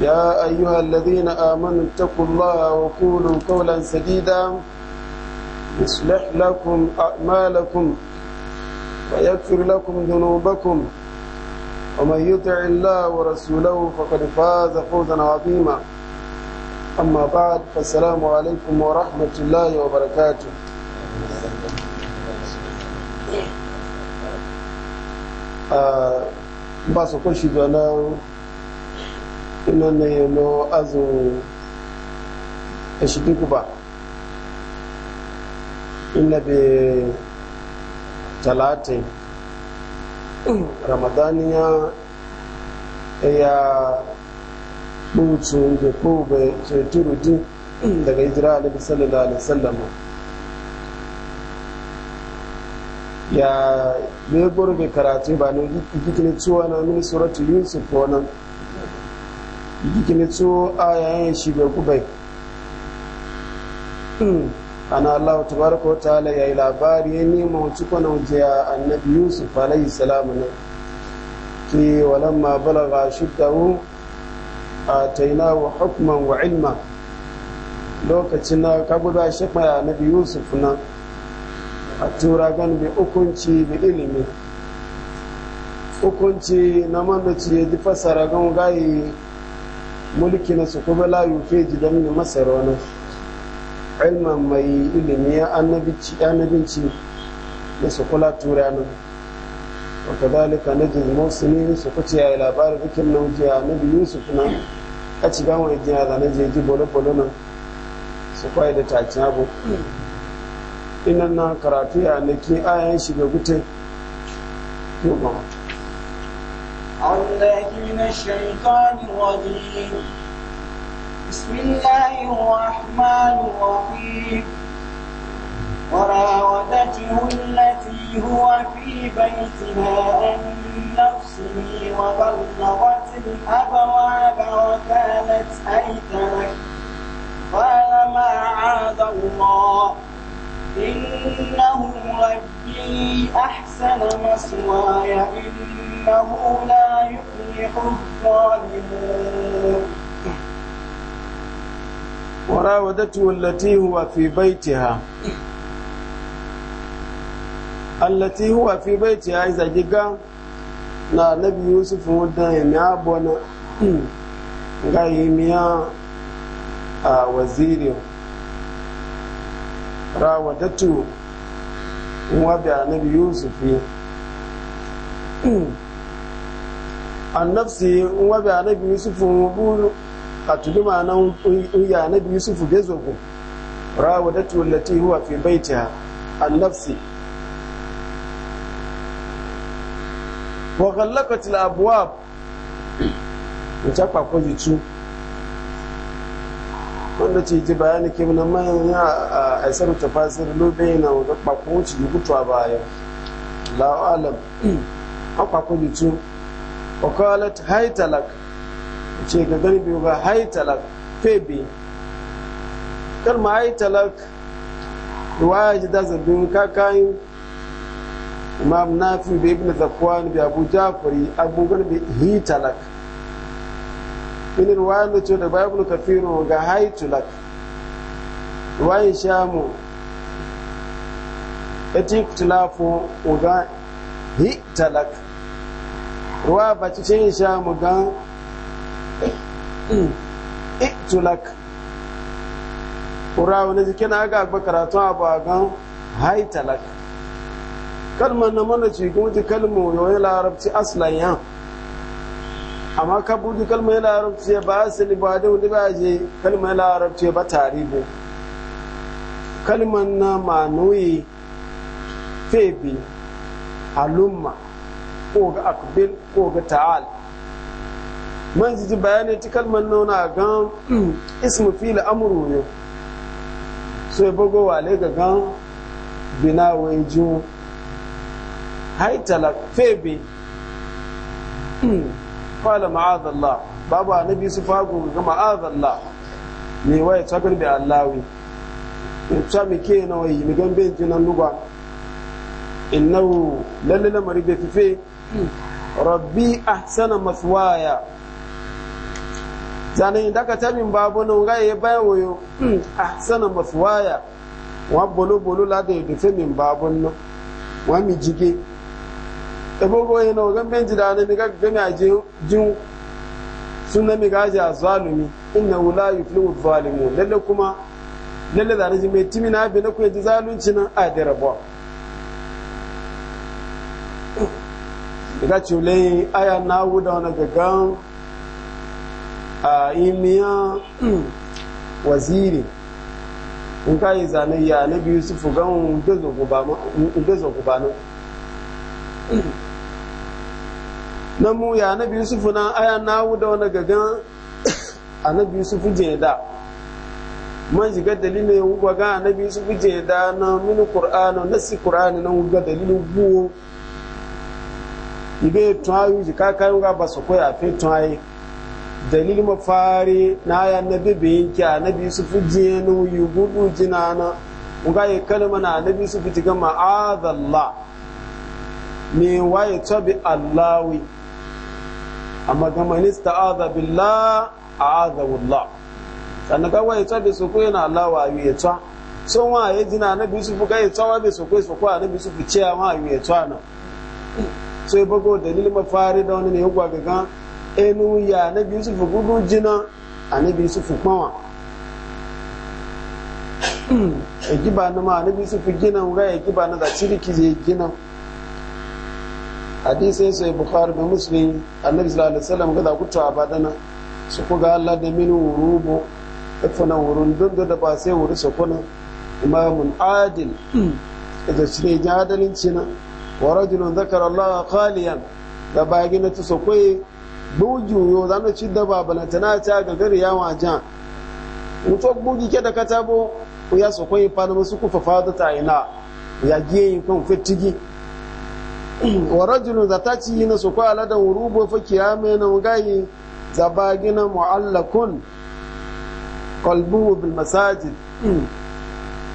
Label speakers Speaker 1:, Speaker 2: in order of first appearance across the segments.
Speaker 1: يا أيها الذين آمنوا اتقوا الله وقولوا قولا سديدا يصلح لكم أعمالكم ويغفر لكم ذنوبكم ومن يطع الله ورسوله فقد فاز فوزا عظيما أما بعد فالسلام عليكم ورحمة الله وبركاته آه بس كل شيء ina na yano azun ashidikuba ina be talatin ramadaniya ya bucin da kobe turudi daga hijira alaihi sallallahu alaihi wasallam ya ne gurbe karatu ba ne gikin ciwo na mini suratu yusuf wannan Jikin tso yayin shi bai gubai hmm. ana Allah tabaraka wa ta'ala yayi labari ya nema wuce kwana wuce annabi Yusuf alayhi salamu ne ki ma balaga taina wa hukman wa ilma lokacin na ka guda shekma ya annabi Yusuf na a tura gan bi hukunci bi ilimi Ukunci na mamaci ya ji fasara gan gaye mulki na su kuma layu feji don ne masa wani ilman mai ilimi ya annabinci da su kula tura nan wata zalika na jin su kuce ya yi labarin bikin nan jiya na biyu su a ci gawon jiya da na ji bolo-bolo nan su kwaye da taci abu inan na karatu ya nake ayan shiga gute yau أعوذ بالله من الشيطان الرجيم بسم الله الرحمن الرحيم وراودته التي هو في بيتها عن نفسه وبلغت الأبواب وكانت ايتها قال ما عاد الله إنه ربي أحسن مسواي إنه لا يفلح الظالمون وراودته التي هو في بيتها التي هو في بيتها إذا جيغا na nabi yusuf wadda ya mi abuwa na ga yi miya a wazirin rawadatu wabi annabi yusuf annabsi wabi annabi yusuf buru a tudu ma'ana ya annabi yusuf gezogu rawadatu lati huwa fi baita annabsi wa ghallaqat al-abwab mutaqaqqajitu wanda ce ji bayani ke na ya a aisar fasir lobe na wata kwakwa wuce yi gutu a baya lawa alam an kwakwa jitu wakalat haitalak ce ga gani biyu ga haitalak febe kalma haitalak ruwaya ji da zabin kakayin imam nafi da ibn zakwan bi abu jafari abubuwan bi hitalak mini ruwayan da ce da babu kafiru ga haitulak ruwayan shamu eti tulafu uga talak ruwa ba ci ce sha mu ga lak ura wani jiki na aga agba karatu abu a hai talak kalmar na mana ci kuma kalmar yawon larabci aslan yan amma ka buɗi kalmar larabci ba asali ba da wani ba je kalmar larabci ba bu kalmar na manoyi febi alumma ko ga akbil ko ga ta'al man ji bayanai ta kalmar nuna gan ismu fil amuru ne so ya bugo wale ga gan bina wai ju haitala febi qala ma'azallah babu annabi su fago ga ma'azallah ne wai tabir da allawi in ta mi ke na waye mi gan bin tinan lugwa innahu lalle na mari be fife rabbi ahsana maswaya zanen da ka tabin babu na ga ya bayan wayo ahsana maswaya wa bolo bolo la da fife min babun na, wa mi jige ebogo yana ogan benji da ne miga gana jin sunna miga ji a zalumi inna wula yi filimu zalimu lalle kuma lalle da ji mai timi na bi na kuwa ji zalunci nan a da rabuwa daga cule aya na wuda wani gagan a imiya waziri in ka yi zane ya na biyu su fugan ugezo gubanin na mu ya annabi yusuf na aya na wuda wani gagan annabi yusuf je da man shiga dalilin ya wuga ga annabi yusuf je da na mini na si qur'ani na wuga dalilin buwo ibe tuwayu ji ka kayan ga ba su koya fi tuwaye dalilin mafari na aya na bayin ki annabi yusuf je na wuyi gudu jina na wuga ya kalma na na yusuf ji ma'adallah me waye tabi allawi amma ga man ista'adha billah a'adhahu Allah sannan ga wai tsabe su ko yana Allah wa yi tsa wa ya jina na bi su fuka tsa wa bi su ko su ko na bi su fice wa yi tsa na so ya bago dalil mafari da wani ne ya gwa gaga enu ya na bi su fuku jina a na bi su fuka ekiba na ma na bi su fuka gina ejiba na da ciriki zai gina hadisai sai bukhari da muslim annabi sallallahu alaihi wasallam ga da kuta badana su ku ga Allah da min wurubo tafana wurun duk da ba sai wuri su kuna imamun adil da cire jadalin cina wa rajul zakara Allah khaliyan da ba na ta kai buju yo zan ci da babana tana ta ga gari ya waja mutok buji ke da katabo ya kai fa na musu ku fa da ta ina ya giye kan fitigi wa rajulun da ta ci na su kwa aladan rubo fa kiyame na gayi gina mu'allakun qalbuhu bil masajid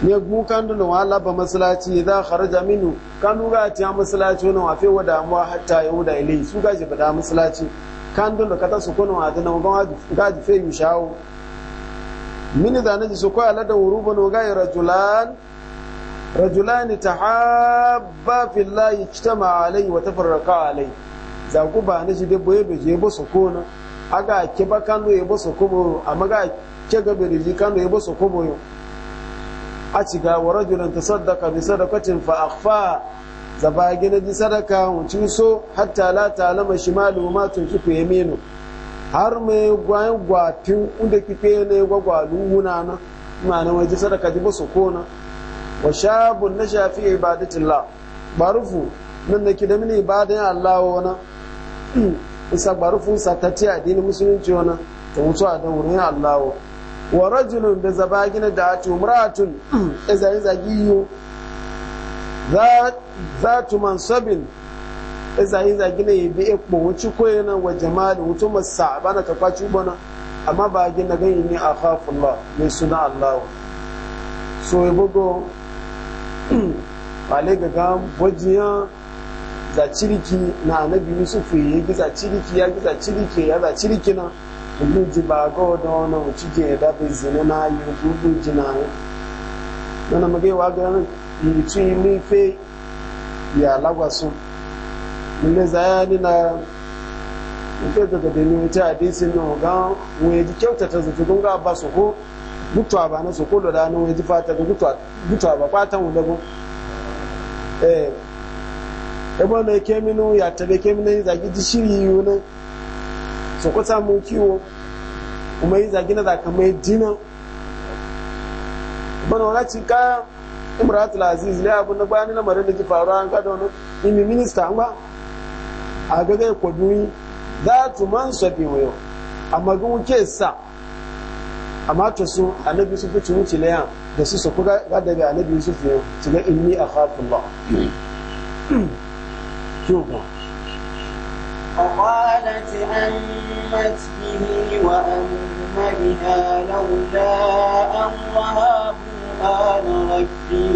Speaker 1: ne gu kan dun wa laba masallaci za kharaja minu kan ga ta masallaci na wafe wa damuwa hatta yauda ilai su ga ji bada masallaci kan dun da kata su kuna wa dana ga ga ji yi yushawo mini da na ji su kwa aladan rubo na gayi rajulan rajulani تحابا في الله alai wa tafarraqa alai za ku ba na shi بو سكونا je bo يبو ba kanu yebo sokomo amaga ke gabe riji kanu yebo sokomo yo a ciga wa rajulan tasaddaqa bi sadaqatin fa akhfa za ba gina sadaka wuci so hatta har me gwan gwafin inda kike ne gwagwalu wuna na ma na waje sadaka ji su sokona wa shabun na shafi ba barufu nan da ki da mini ibadan Allah wana isa barufu a addinin musulunci wana to mutu a da wurin Allah wa rajulun da gina da ati yi izai yi za tu mansabin yi zagina kuma wuce wuci na wa jama'a da masa masabana ta kwaci bana amma ba gina gani ne a la mai suna Allah so ya bugo ale ga ga wajiya za ciriki na anabi yusuf ya gi za ciriki ya gi za ciriki ya za ciriki na mun ji ba ga da na wuci je da bụ zina na yi gudu jina ya na mage wa ga nan yi ci ya lagwasu mun ne za na ke daga da ni wuce hadisin nan ga mu ya ji kyautata zato gụ. ga ba gutwa ba na sokolo da nan waje fata ga gutwa gutwa ba fatan wanda go eh ebo na minu ya tabe keminu za ki ji shiri yuna so ko samu kiwo kuma yi zagi na za ka mai dina bana wala ci ka imratul aziz ne abun da bani na marin da ki faruwa an kada wani imi minista an ba a gagai kwaduyi za tu man sabi wayo amma gun ke sa amma to su annabi yusuf ci wuce na yan da su su kuga gada ga annabi yusuf ne su ga inni a khafullah kyoga hmm. فقالت أمت به وأم بها لولا أن وهاب ربي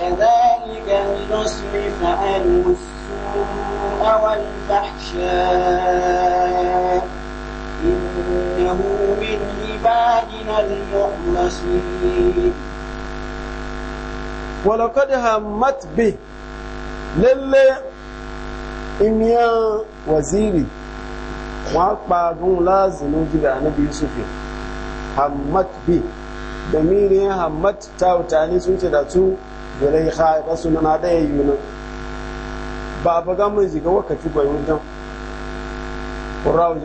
Speaker 1: كذلك لنصرف عنه السوء والفحشاء إنه من عبادنا المخلصين ولقد همت به waziri, إميا وزيري وأقبع دون لازم عن النبي يوسف همت به damirin hammat ta wutane sun ce da su gurai ha ba su na da ya yi nan ba ba ga mun shiga wakati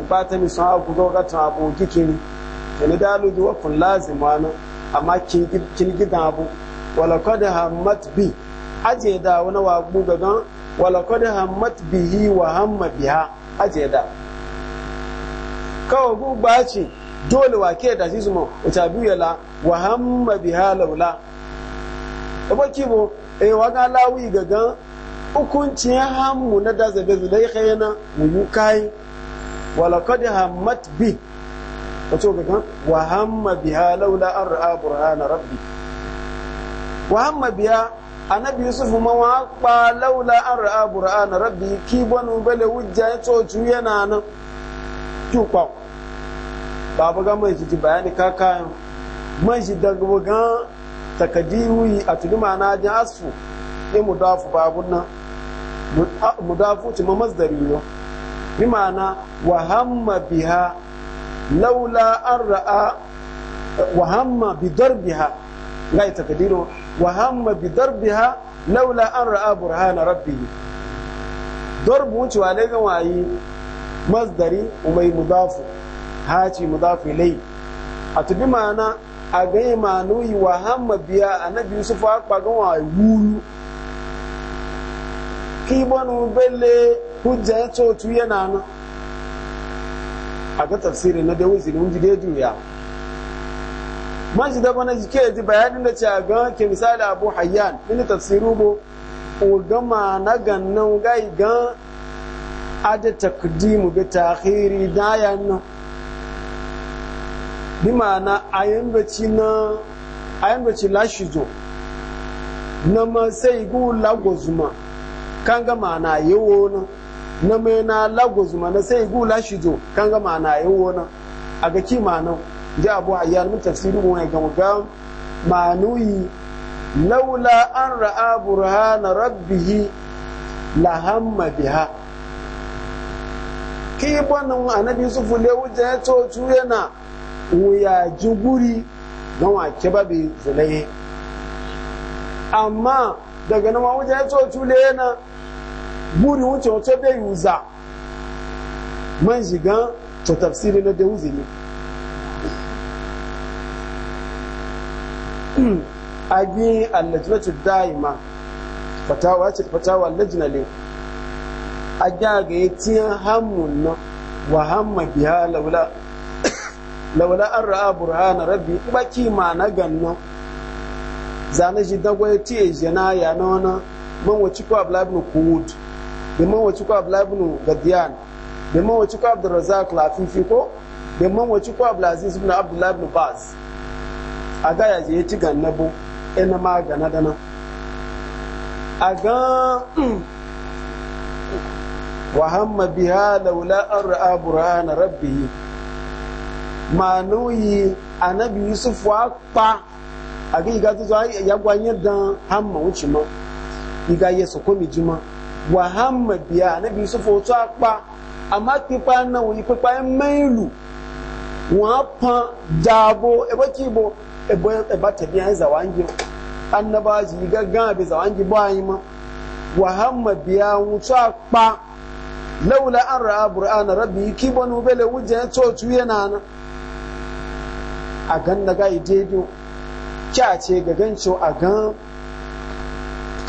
Speaker 1: ba ta nisan abu ga wakatan abu wani dalu ji wakun lazima nan amma kin gida abu kada hammat bi aje da wani wagu wala kada hammat bihi wa hamma biha aje da kawai gugba ce dole wa ke da shi su ma wata biyu la wa hamma biha laula e bo e wa ga lawi gagan hukuncin hammu na da zabe na mu yi kai kada hammat bi wato ga kan wa hamma biha laula an ra'a burhana rabbi wa hamma biya annabi yusuf ma wa ba laula an ra'a burhana rabbi ki banu bale wujja ya tsoci yana nan ki kwa babu ga mai ji bayani kaka mai ji daga ga takadiru a tulima na jin asfu ne mudafu babun nan mudafu ci ma masdari yo bi ma'ana wa hamma biha laula an ra'a wa hamma bi darbiha ngai takdiru wa hamma bi darbiha laula an ra'a burhana rabbih darbu wuce wa ne gan wayi masdari umai mudafu haci mudafu ilai a tubi ma'ana a ganye ma'anu yi wa hamma biya annabi yusuf akpa gan wayi wuru kibonu bele hujja ya tsotu yana nan a ga tafsirin na da wuzini wunji da juya man da bana jike ji bayanin da cewa a ga ke misali abu hayyan ina tafsiru bo gama na gannan gai gan ada takdimu bi takhiri dayan bi ma'ana ayin bace na ayan baci lashi zo na ma sai gu lagozuma kan ga ma'ana yawo na. na mai na lagos mana sai gu shi zo kan ga ma'ana yin wona a ga ki ma'anan ji abu a yalmin tafsirin wani ga ga ma'anuyi laula an ra'a burhana rabbihi lahamma biha ki bonin annabi yusufu le wujen ya cocu yana wuya juguri wa ke babi zulaye amma daga nan wujen ya cocu le yana buri wuce wato bai yuza man shiga ta tafsiri na da a agi allajinacin daima fatawa ce fatawa allajnalin a gyaga ya tiyan hamun na wa hamma biya laula laula an ra'a burhana rabbi baki ma na ganna zane shi dagwai tiye jana ya nona man wace ko abla ibn kuwud da man wace ko abdullahi ibn gadiyan da man wace ko abdurrazzaq lafifi ko da man wace ko abdulaziz ibn abdullahi ibn baz a ga ya je ci ina ma gana dana a ga wa hamma biha laula an ra'a burhana rabbih ma nuyi anabi yusuf wa pa a ga iga tuzo ya gwanyar dan hamma wuce ma iga yesu komi jima wà hàmà bíà ànábì yusuf ọtọ apá àmà pípa náà wòye pípa ẹ mẹ́ìlù wọn pọn jaabo ẹbọ kí ibo ẹbọ ẹbá tẹbi ẹ zàwáńjì annabaji gaggan abin zàwáńjì bo àyìn yi ma. Wa hama wọn tọ apá laula an ra'a bur'ana rabbi ki bonu bele wuje cocu yana na a gan na ga idedo kya ce ga gancho a gan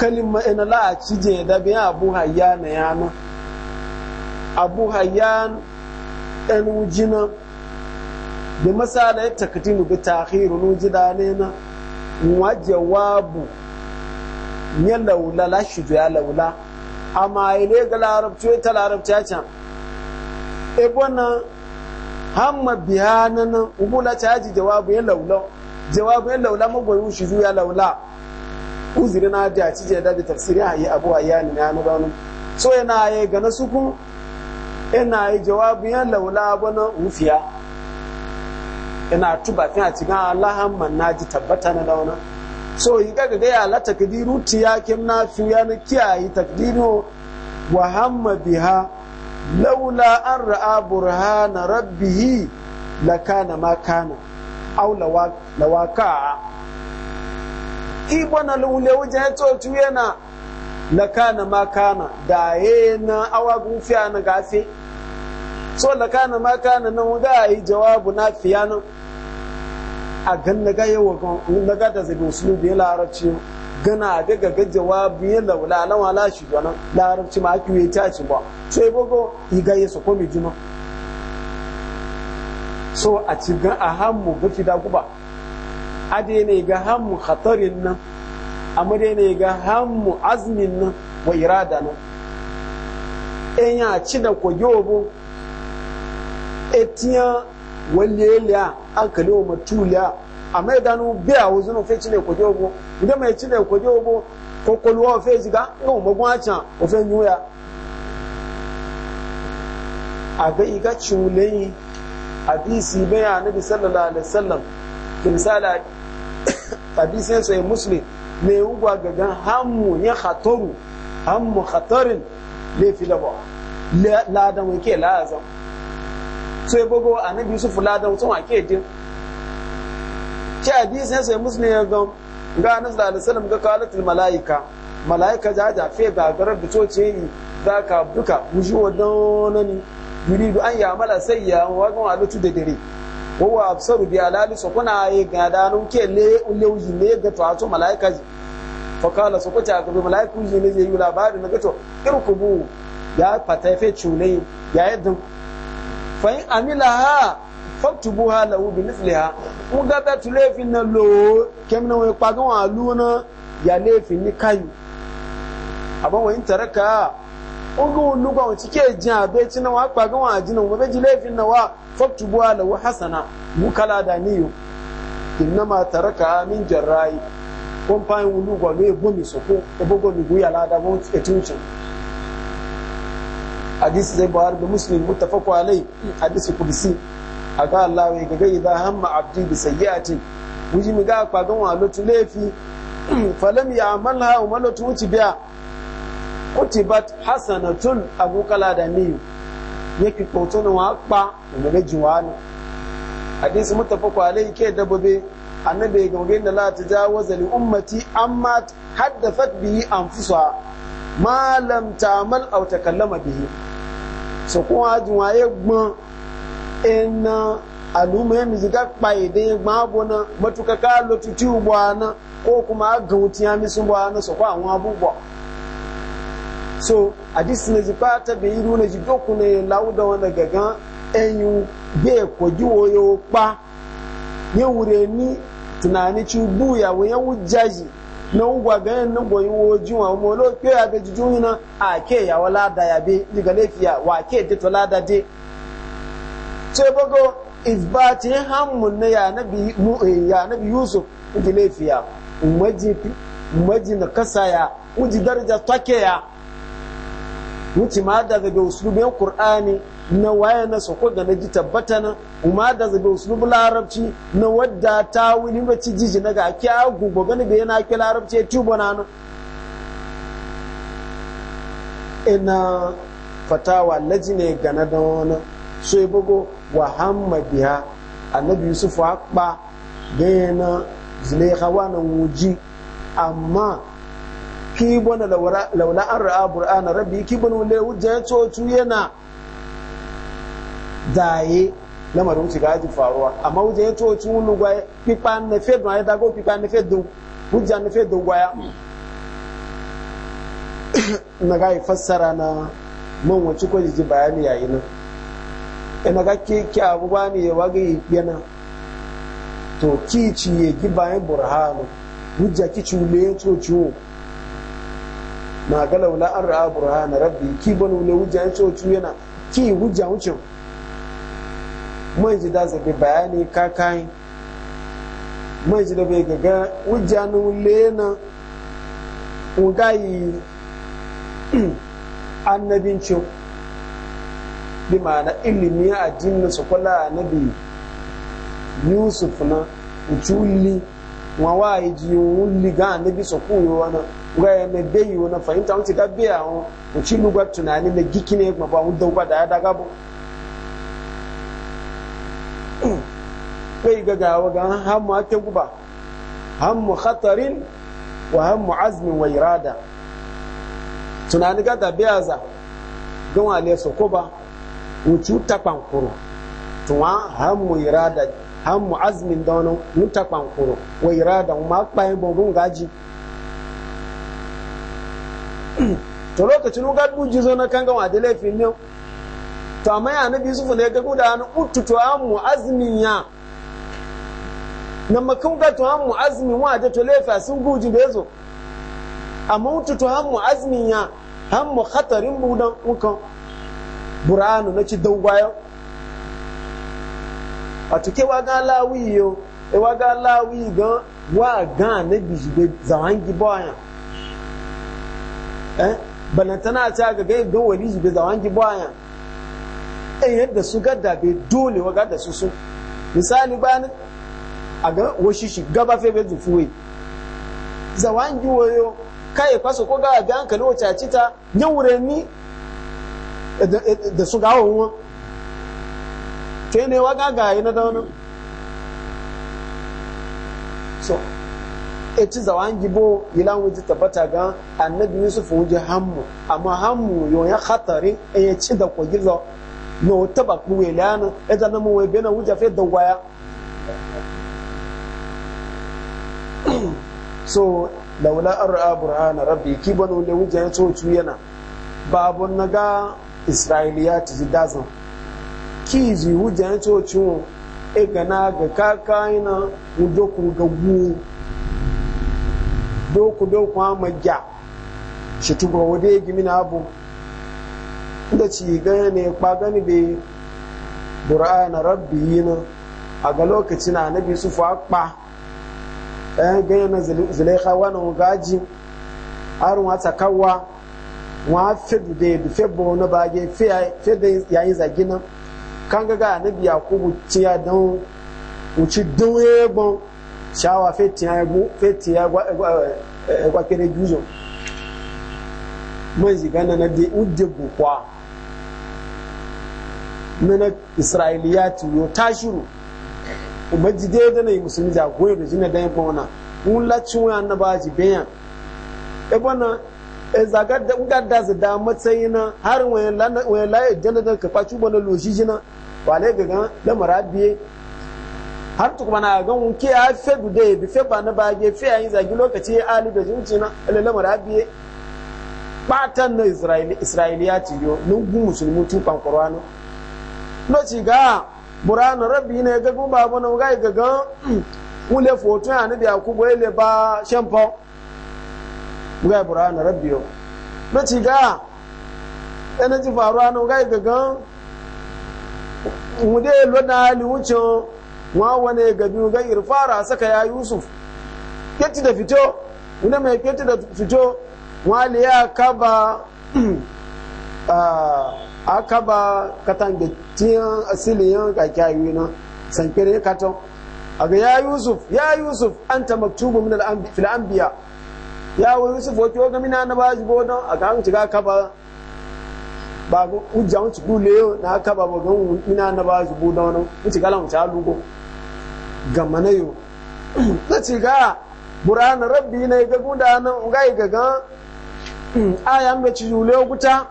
Speaker 1: kalima ma'ina la ci je da bi abu na yana abu hayya en wujina bi masala takdimu bi ta'khir nuji da nena wa jawabu ya laula la shi ya laula amma ne ga larabci ta larabci can e na hamma biya na na ubula ta ji jawabu ya laula jawabu ya laula magoyin shi ya laula uzuri na da ci je da bi tafsiri ayi abu ayani na nu so yana yi ga na suku Ina yi jawabu ya laula bana ufiya Ina tuba a cikin allahan man naji tabbata na launa so yi ga ga ya la takdiru tiya kim na fi ya na kiyayi takdiru wa hamma biha laula an ra'a burhana rabbihi lakana ma kana aw lawaka ibo na lule jan coci yana na kana ma kana da ye na awa gufiya na gafe so la kana ma kana na mu da jawabu na fiya a gan na ga yawa gan na ga da zabi usulu ya larabci gana daga ga jawabu ya laula lan wala shi gona larabci ma aki ta ci ba sai bogo yi yesu ko mi juma so a ci gan a hammu gafi da guba ade ne ga hammu khatarin nan amma dai ne ga hammu azmin nan wa irada nan in ya ci da ko jobo etiya waleliya akali wa matuliya amma idan biya wuzun fe ci ne ko jobo idan mai ci ne ko jobo ko kolwa fe jiga ko magun acha o fe nyuya aga iga chulei hadisi bai annabi sallallahu alaihi wasallam kimsala hadisin sai muslim me ugwa gagan hamu ya khatoru hamu khatarin le filabo la mu ke la azam so e bogo anabi yusuf la dan tun ake din ci hadisin sai muslim ya ga ga anas da alisalam ga kalatul malaika malaika ja fe garar da coce yi za ka duka wuji wa donani yuridu an ya mala sayya wa gan alutu da dare kowa absaru bi alali so kuna ye gada nu ke le ulewu ne ga to ato malaika ji fa kala so kota ga mala'ika ji ne zai yi labari na gato irkubu ya fata ya yi ya yadda fa in amilaha faktubuha lahu bi mithliha mu ga ba tule fi na lo kemna we pagan wa luna ya le ni kayu abon wa taraka oga oluga wa cike jin abeci na wa kpaga wa ajinan wa beji laifin na wa faktubu ala wa hasana mu kala da niyo inna ma tara k'a min jarrai kon pa yin oluga lo ebo mi soko ebo go mi guya lada won etuncin hadisi zai buhari da muslim muttafaqu alai hadisi A ga Allah ya gaga idan hamma abdi bi sayyi'atin wuji mi ga kpaga wa lotu laifi falam ya amalha wa lotu wuci biya kutibat hasanatun abukala da miyu yake koto na wa pa umaga jiwani hadisi mutafaqu alayhi ke dababe annabi ga da la tajawaza li ummati amma haddathat bihi anfusa ma lam ta'mal aw takallama bihi so ko ajun waye gbon ina aluma mi ziga pa ide gbon abona matuka ka tutu ko kuma gautiya mi sun bwana so ko awon abubuwa so hadisi na ji fata bai iru na ji doku ne lauda wanda gagan enyu bai kogi woyo kpa ya wure ni tunani ci buya wa ya wujaji na ugwa ganin na goyi woji wa mo lo pe ya beji juna a ke ya wala da ya be diga lafiya wa ke de to lada de ce bago isbati hammun na ya nabi e, ya nabi yusuf diga lafiya maji maji na kasaya uji daraja take ya wuce ma da zabe uslubin qur'ani na waya na soko da na ji tabbata na kuma da zabe uslubin larabci na wadda ta wuni mace jiji na ga ake agu ba gani bai yana ake larabci ya tubo na nan ina fatawa laji ne gana da wani so ya bugo wa hamma annabi yusuf haɓa na yana hawa na wuji amma ki bona laula an ra'a qur'ana rabbi ki bona le wujja cocu yana daye lamarin wuce gaji faruwa amma wujja ya cocu wulu gwaye pipa na fe don ayi dago pipa na fe don wujja na fe don gwaya na ga fassara na man wace ko jiji bayani yayi nan ina e ga ki ki abubuwa ne ya wage yana to ki ciye gi bayan burhanu wujja ki cule ya na ga laula an ra'a burhana rabbi ki banu le wujan cocu yana ki wujan wucin man da zabi bayani kakai man ji da bai gaga wujan lena ugayi annabin co bi ma'ana ilimi a addinin su kula annabi yusuf na uculi wa wa yi ji wuli ga annabi su koyo ga na beyi wani fahimta wani ga biya wani wuce lugar tunani na giki ne ba wani dauba da ya daga ba kai ga gawa ga hammu ake guba hammu khatarin wa hammu azmin wa irada tunani ga da biya za don wale su ko ba wuce ta kwankuro tuwa hammu irada hammu azmin da wani wuta wa irada ma kpayin bo gaji to lokacin ga buji zo na kan gama da laifin ne to amma ya nabi yusuf ne ga guda na utu to an mu azmin ya na makun ga to an mu azmin wa da to laifa sun buji da yazo amma utu to an mu azmin ya han mu khatarin budan ukan buranu na ci dawwayo a tuke wa ga lawi yo e wa ga lawi ga wa gan nabi jibe zawangi boyan eh bana tana ta ga gai don wani zube za zawon bayan ɗan yadda su gadda bai dole wa gada su sun misali bayan a ga washi shi gaba fe bai zufuwe zawon wayo kai kwaso ko gawa ga hankali wacce a cita yan wurenni da su gawo wọn ke ne wa gagaye na daunin so ci zawan bo yilan wuji tabbata ga annabi yusuf wuji hammu amma hammu yon ya khatari e ya ci da ko gizo no taba ku we lana e da namu we bena wuja fe da waya so laula ar'a qur'an rabbi kibanu le wuja ya tu yana babu naga isra'iliya ji dazan kizi wuja ya tu e gana ga kaka yana wujo ku ga doku doku ma gya shi tugo wode gimi eh, na abu da ci gane ne kwa gani be burana rabbi yana a ga lokacin annabi su fa kpa ɗayan ganye na zulaikha wani gaji arin wata kawwa wa fi dude da fi bono ba ge fi yayin zagina kan ga annabi yakubu ciya don wuci don shawa fetin ya gwakere eh, juzo man ziga na na de udde bukwa na na israiliyati yo ta shiru umarji dai da na musulmi da goyi da jina dan yabon wana un lacin wuya na baji bayan ebona e zagar da gadda su da matsayi na harin wayan laye jana da ka kwaci bana loshi jina ba ga gaga lamara biye har tukuma na ga mun ke ya fe gude bi fe ba na bage fe yayin zagi lokaci ali da jinci na lalama rabiye batan na israeli israeliya ci yo nun gu musulmi tu kan qur'ano no ci ga burano rabbi ne ga gun babu na ga ga ga le foto ya ni biya ku boye ba shampo ga burano rabbi yo no ci ga ene ji faruwa no ga ga ga mu de lona ali wucin wa wane ga biyu ga irfara saka ya yusuf keti da fito wani mai keti da fito wani ya kaba a kaba yan asiliyan kakyayi na sankirin katon a ga ya yusuf ya yusuf an ta maktubu min al'ambiya ya wa yusuf wa kiyo gamina na ba shi godon a ga hanci ga kaba ba hujja wuce dule na kaba ba gan ina na ba shi bodon wuce galan wuce alugo ga na yau na ga burana rabbi na ga guda nan ga ga ga a ga ci yule guta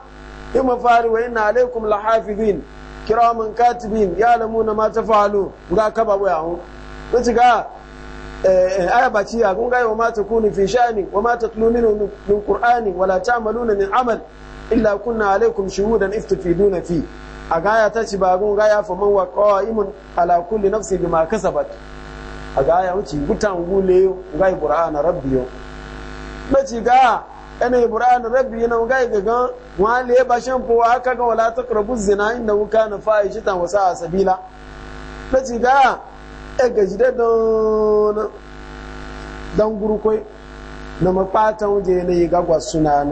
Speaker 1: in mafari wa inna alaikum lahafidin kiramun katibin ya na ma falo ga ka babu ya hu na ga aya ba ci ya gun ga wa mata takunu fi shani wa mata tatlu min qur'ani wala ta'maluna min amal illa kunna alaikum shuhudan iftufiduna fi a gaya ta ci bagun gaya fa man wa qa'imun ala kulli nafsin bima kasabat a gaya wuce gutan gule gai qur'ana rabbiyo mace ga ana ibrahim rabbi yana gai gaga wale ba shan fo aka ga wala taqrabu zina inda wuka na fa'ishatan wa sa'a sabila mace ga e gaji da don dan gurukoi na mapatan je ne ga gwasuna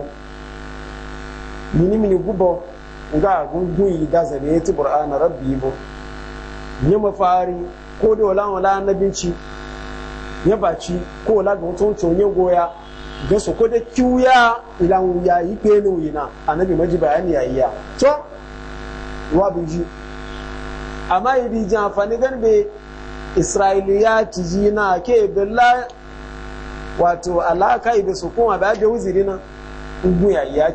Speaker 1: mini mini gubo ga gungun da zabe ya ci rabbi bo ya fari ko da wala wala na binci ya baci ko wala ga mutum conye goya ga su ko da kiwuya ilan ya yi penu yana annabi maji bayani ya yi ya to wa binji amma yi jan fani gan be isra'iliya ci ji na ke billa wato alaka ibe su kuma ba da wuziri na gungun ya yi ya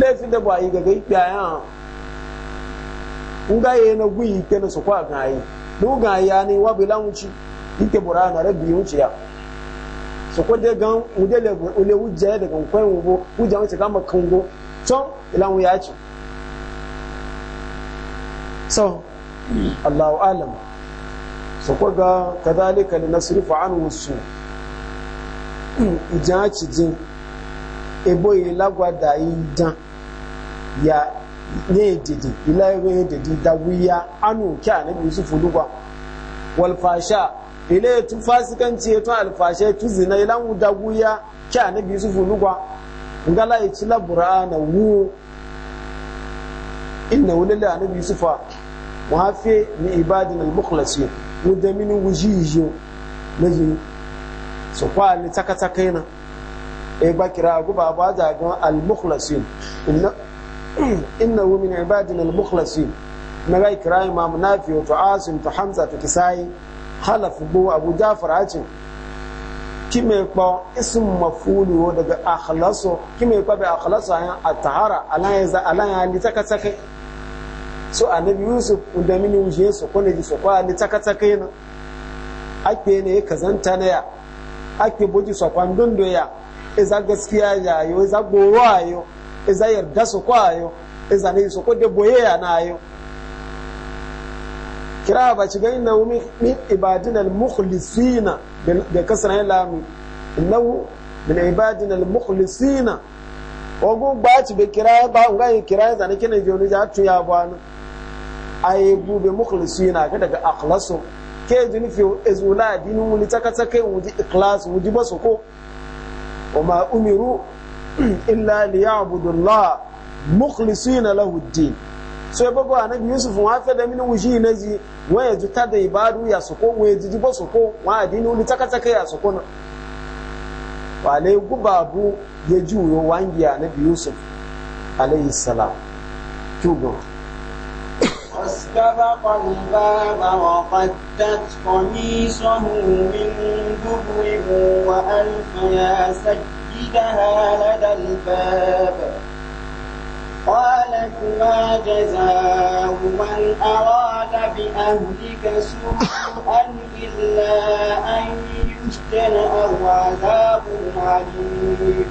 Speaker 1: laifin da ba yi gaga ikpe aya nga ye na gwi ike na sokwa ga yi du ga ya ni wa bila wuci ike bura na rabbi wuci ya sokwa de gan ude le ule wuje de gan kwen wubo wuje wuci ga ma kungo to ila wu ya ci so Allahu alam sokwa ga kadhalika linasrifu anhu su ijan ci jin ebo yi lagwada yi dan ya ne didi ila ne didi da wuya anu kya na bi su fulugwa wal fasha ile tu fasikanci to al fasha tu zina ila mu da wuya kya na bi su fulugwa ngala yi ci labura na wu inna wulil anabi mu wafe ni ibadin al-mukhlasin wanda min wujijo naji so kwa ni na e ba kira guba ba da ga al-mukhlasin innahu min ibadina al-mukhlasin na gai kira imam nafi wato asim to hamza ta kisai halaf bu abu jafar acin kime kpa isim mafuli wo daga akhlaso kime kpa bi akhlaso ayan atahara alayan za alayan ali takatake so annabi yusuf unda mini wuje so ko ne ji so ko ali takatake na ake ne kazanta na ya ake boji so kwandondo ya iza gaskiya ya yo iza goro ayo iza yarda su kwayo iza ne su kudi boyayya na yau. kira ba ci gani na min ibadina al-mukhlisina da kasar yin lami lau min ibadina al-mukhlisina Ogo ba ci be kira ba nga yi kira zane kina je ni ja tuya ba na ay bu be mukhlisina ga daga akhlasu ke jini fi izula dinu ni taka taka wuji ikhlas wuji basoko wa ma umiru illa liya'budullah mukhlisina lahu ad-din so ya bago anabi yusuf wa fa da mini wuji na ji wa ya juta da ibadu ya soko wa ya jiji ba soko wa adini uli taka taka ya soko na wa lai gubabu ya ji uyo wangi anabi yusuf alayhi salam kyugo واستبق الباب وقدت قميصه من دبر وألف يا سجد وجدها لدى الباب قالت ما جزاء من أراد بأهلك سوءا إلا أن يسجن أو عذاب عليم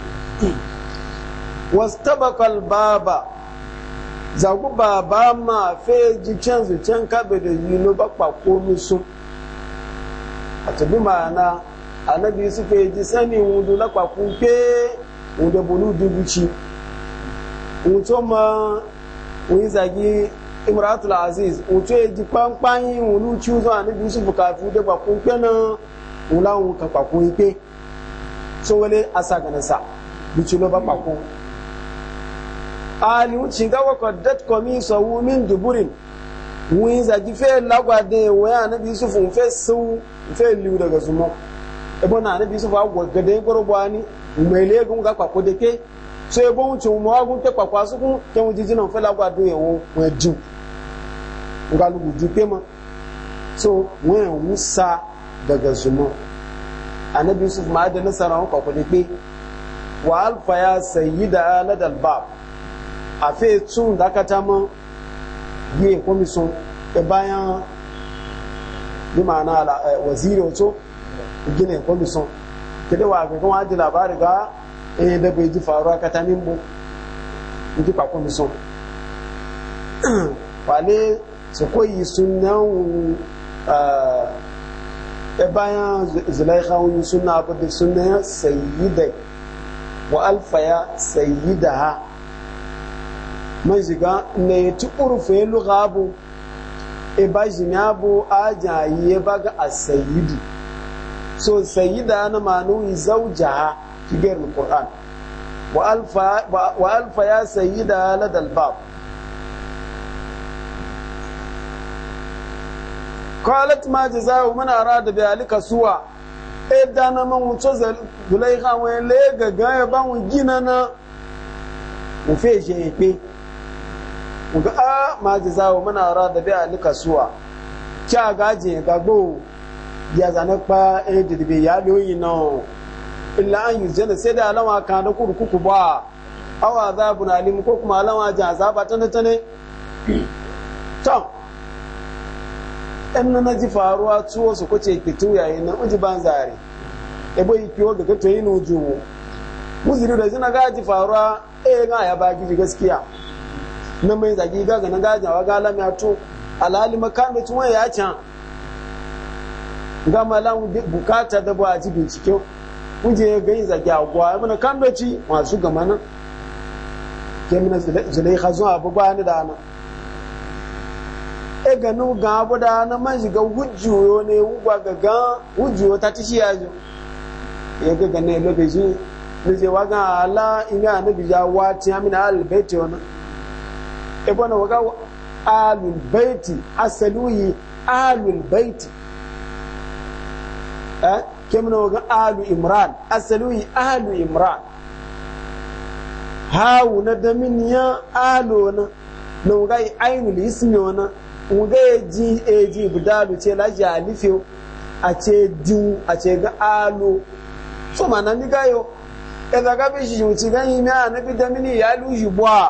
Speaker 1: واستبق الباب zagu baba ma fe ji can zucen kabe da yi ba kwakonu su a tabi ma'ana anabi yusuf ya ji sani wudu lakwakun pe wudu ci. dubuci wuto ma wuyi zagi imratul aziz wuto ya ji kwankwan yi wulu cuzon anabi yusuf kafi wudu kwakun pe na wula wun ka kwakun pe so wale asa ganasa bici lo ba kwakun ali wucin gawa kwadat kwami sawu min duburin wuyi zagi fe lagwade waya anabi yusuf fe sau fe liu daga zuma ebo na anabi yusuf agwọ gade gbọrọgbọ ani mmele ego nga kwakwo deke so ebo nwuchi mụ ọgwụ nke kwakwo asụkwụ ke nwụ jiji na mfe lagwa do ewu nwe ju nga lugwu ju kema so nwe nwusa daga zuma anabi yusuf ma adị nasara ọ kwakwo deke wa alfa ya sayi da aladal bab a fe tun da aka tama yi komison e bayan bi ma'ana eh, waziri wato gina kwamison kede wa ga kan waji labari ga eh da bai ji faruwa ka ta nimbo in ji kwakwa miso wale su koyi sunan eh, e bayan zulaikha wani suna abu da sunan sayyida wa alfaya sayyida ha man shiga na ya ci urufe lugabu e ba jini abu ajayi ya e baga a sayyidi so sayyida na manu zauja ki ghairi alquran wa alfa wa alfa ya sayyida ladal bab qalat ma jazaa'u man arada bi alika suwa e eh, dana man wuce hawa ya le gaga ya ba mu gina na mu fe je pe mu ga ah, ma jazaa'u man arada bi alika suwa kya gaje gagbo ya zane kpa e didibe ya loyi no illa an yuzana sai da alama ka da kurkuku ba aw azabun alim ko kuma alama ja azaba tane tane to in na ji faruwa tuwo su kwace kitu yayin nan uji ban zare e boyi kiwo ga to yin ujuwo muziri da zina ga ji faruwa e ga ya ba gidi gaskiya na mai zagi ga na nan ga jawa ga alama to alalima k'an da tuwo ya can gama lan bukata da ba ji bincike kuje ga yin zaki agwa mana kan doci masu gama nan ke mina zulai khazun abu ba ni da nan e ga nu ga abu da nan man shiga hujjuyo ne ugwa ga ga hujjuyo ta ci tishi ya zo ya e ga ga ne lokaci da je wa ga ala ina na bija wa ti amina albayti wannan e bona wa ga alul baiti asaluhi alul baiti Eh? kemna waga alu imran asaluyi alu imran hawu na daminiya alo na na waga yi ainul ismi wana waga ji eji budalu ce laji alifiyo a ce diwu a ce ga alo so ma na niga yo ẹ̀dà gábé ṣìṣì ò ti gẹ́yìn ní ànábí dẹ́mínì ìyálù yìbọ́ à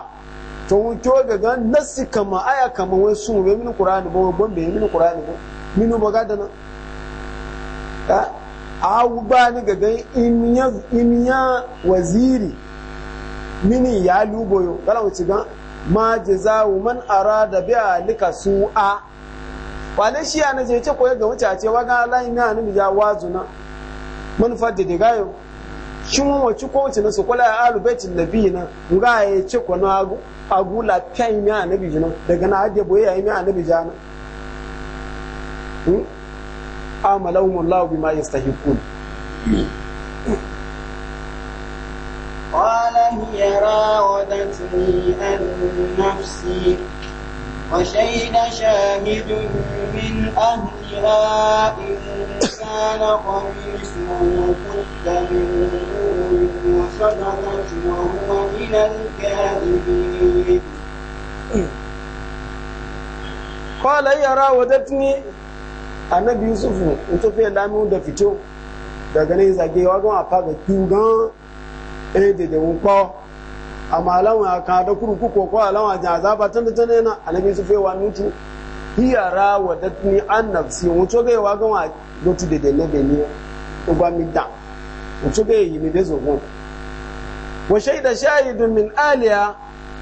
Speaker 1: tòun tí ó gẹ̀gán lẹ́sì kàmà áyà kàmà wọn sùn rẹ̀ mínú kùránì bọ́ gbọ́n bẹ̀rẹ̀ mínú kùránì bọ́ mínú bọ́ gádànà awu ba ni gagan imiya waziri mini ya luboyo kala wuce gan ma jazawu man arada bi alika su'a wale shi ana je ce koyar ga mutace wa ga Allah ina ni ja wazuna mun fadde de gayo shin mun wace ko wace na su kula alu baitin nabiyina ga ya ce ko na agu la kai mi annabi jina daga na hajje ya mi annabi jana hmm? لهم الله بما يستحقون قال هي راودتني عن نفسي وشهد شاهد من أهلها إن كان قميصه قد من وصدقت وهو من الكاذبين قال هي راودتني annabi yusuf in to fiye lamu da fito daga ne zage wa gan afa ga kingan eh de de un po amma lawan aka da kuru ku ko ko lawan ja za ba tan tan na annabi yusuf wa nutu hiya rawadatni an nafsi un to ga wa gan wa go tu de de ne be ni o ba mi da un to ga yi mi de zo ko wa shaida shahidun min aliya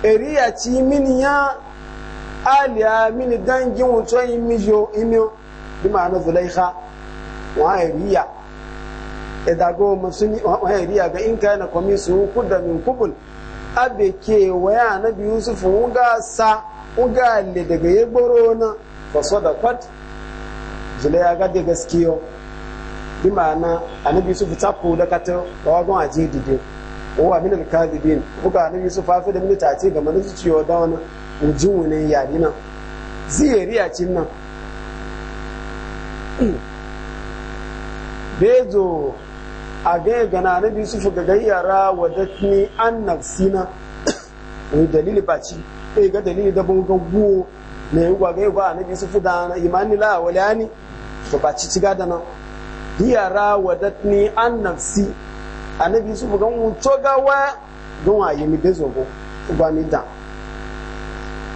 Speaker 1: eriya ci min ya aliya min dangin wuto imiyo imiyo bí màá na zulaikha wọn á rí ya ga in kana kọmísù kúdà min kubul abe ke waya anabi yusuf wọn sa wọn le daga ya na faso da kwat zulaiha ga da gaskiyo bi ma'ana annabi yusuf ta ko da kata wa o wa min al-kadibin uga ga yusuf fa da min ta ga manuci da wani ujun ne yari nan ziyariya cin nan bezo a gaya gana na biyu su ga gayyara wadatni an nafsina wani dalili ba ɗaya ga dalili da ban gaggo na yi gwa gaya ba na biyu su da na imani la waliyani to ba ci ciga da nan gayyara wadatni an nafsi a na biyu su ga wuto gawa don a yi mi bezo ko ba ni da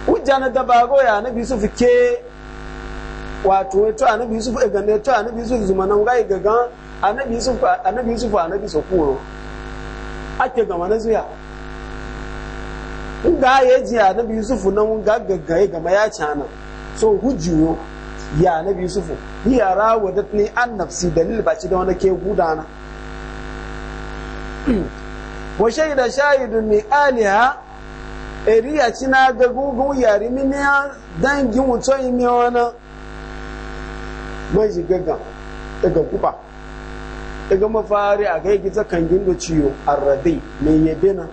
Speaker 1: wujja na dabago ya na biyu su ke wato ya to anabi yusuf ya ne to anabi yusuf zuma nan ga ga gan anabi yusuf anabi yusuf anabi sokuro ake gama na zuya in ga ya ji anabi yusuf nan ga ga gama ya ci ana so hujjuyo ya anabi yusuf hiya ni an nafsi dalil ba ci da wani ke gudana wa shaida shahidun min aliha eriya ci na ga gugu yari miniya dangin wuto yi mi wani man shi gaggan daga kuba daga mafari a gai gita kan gindo a radai mai yabe na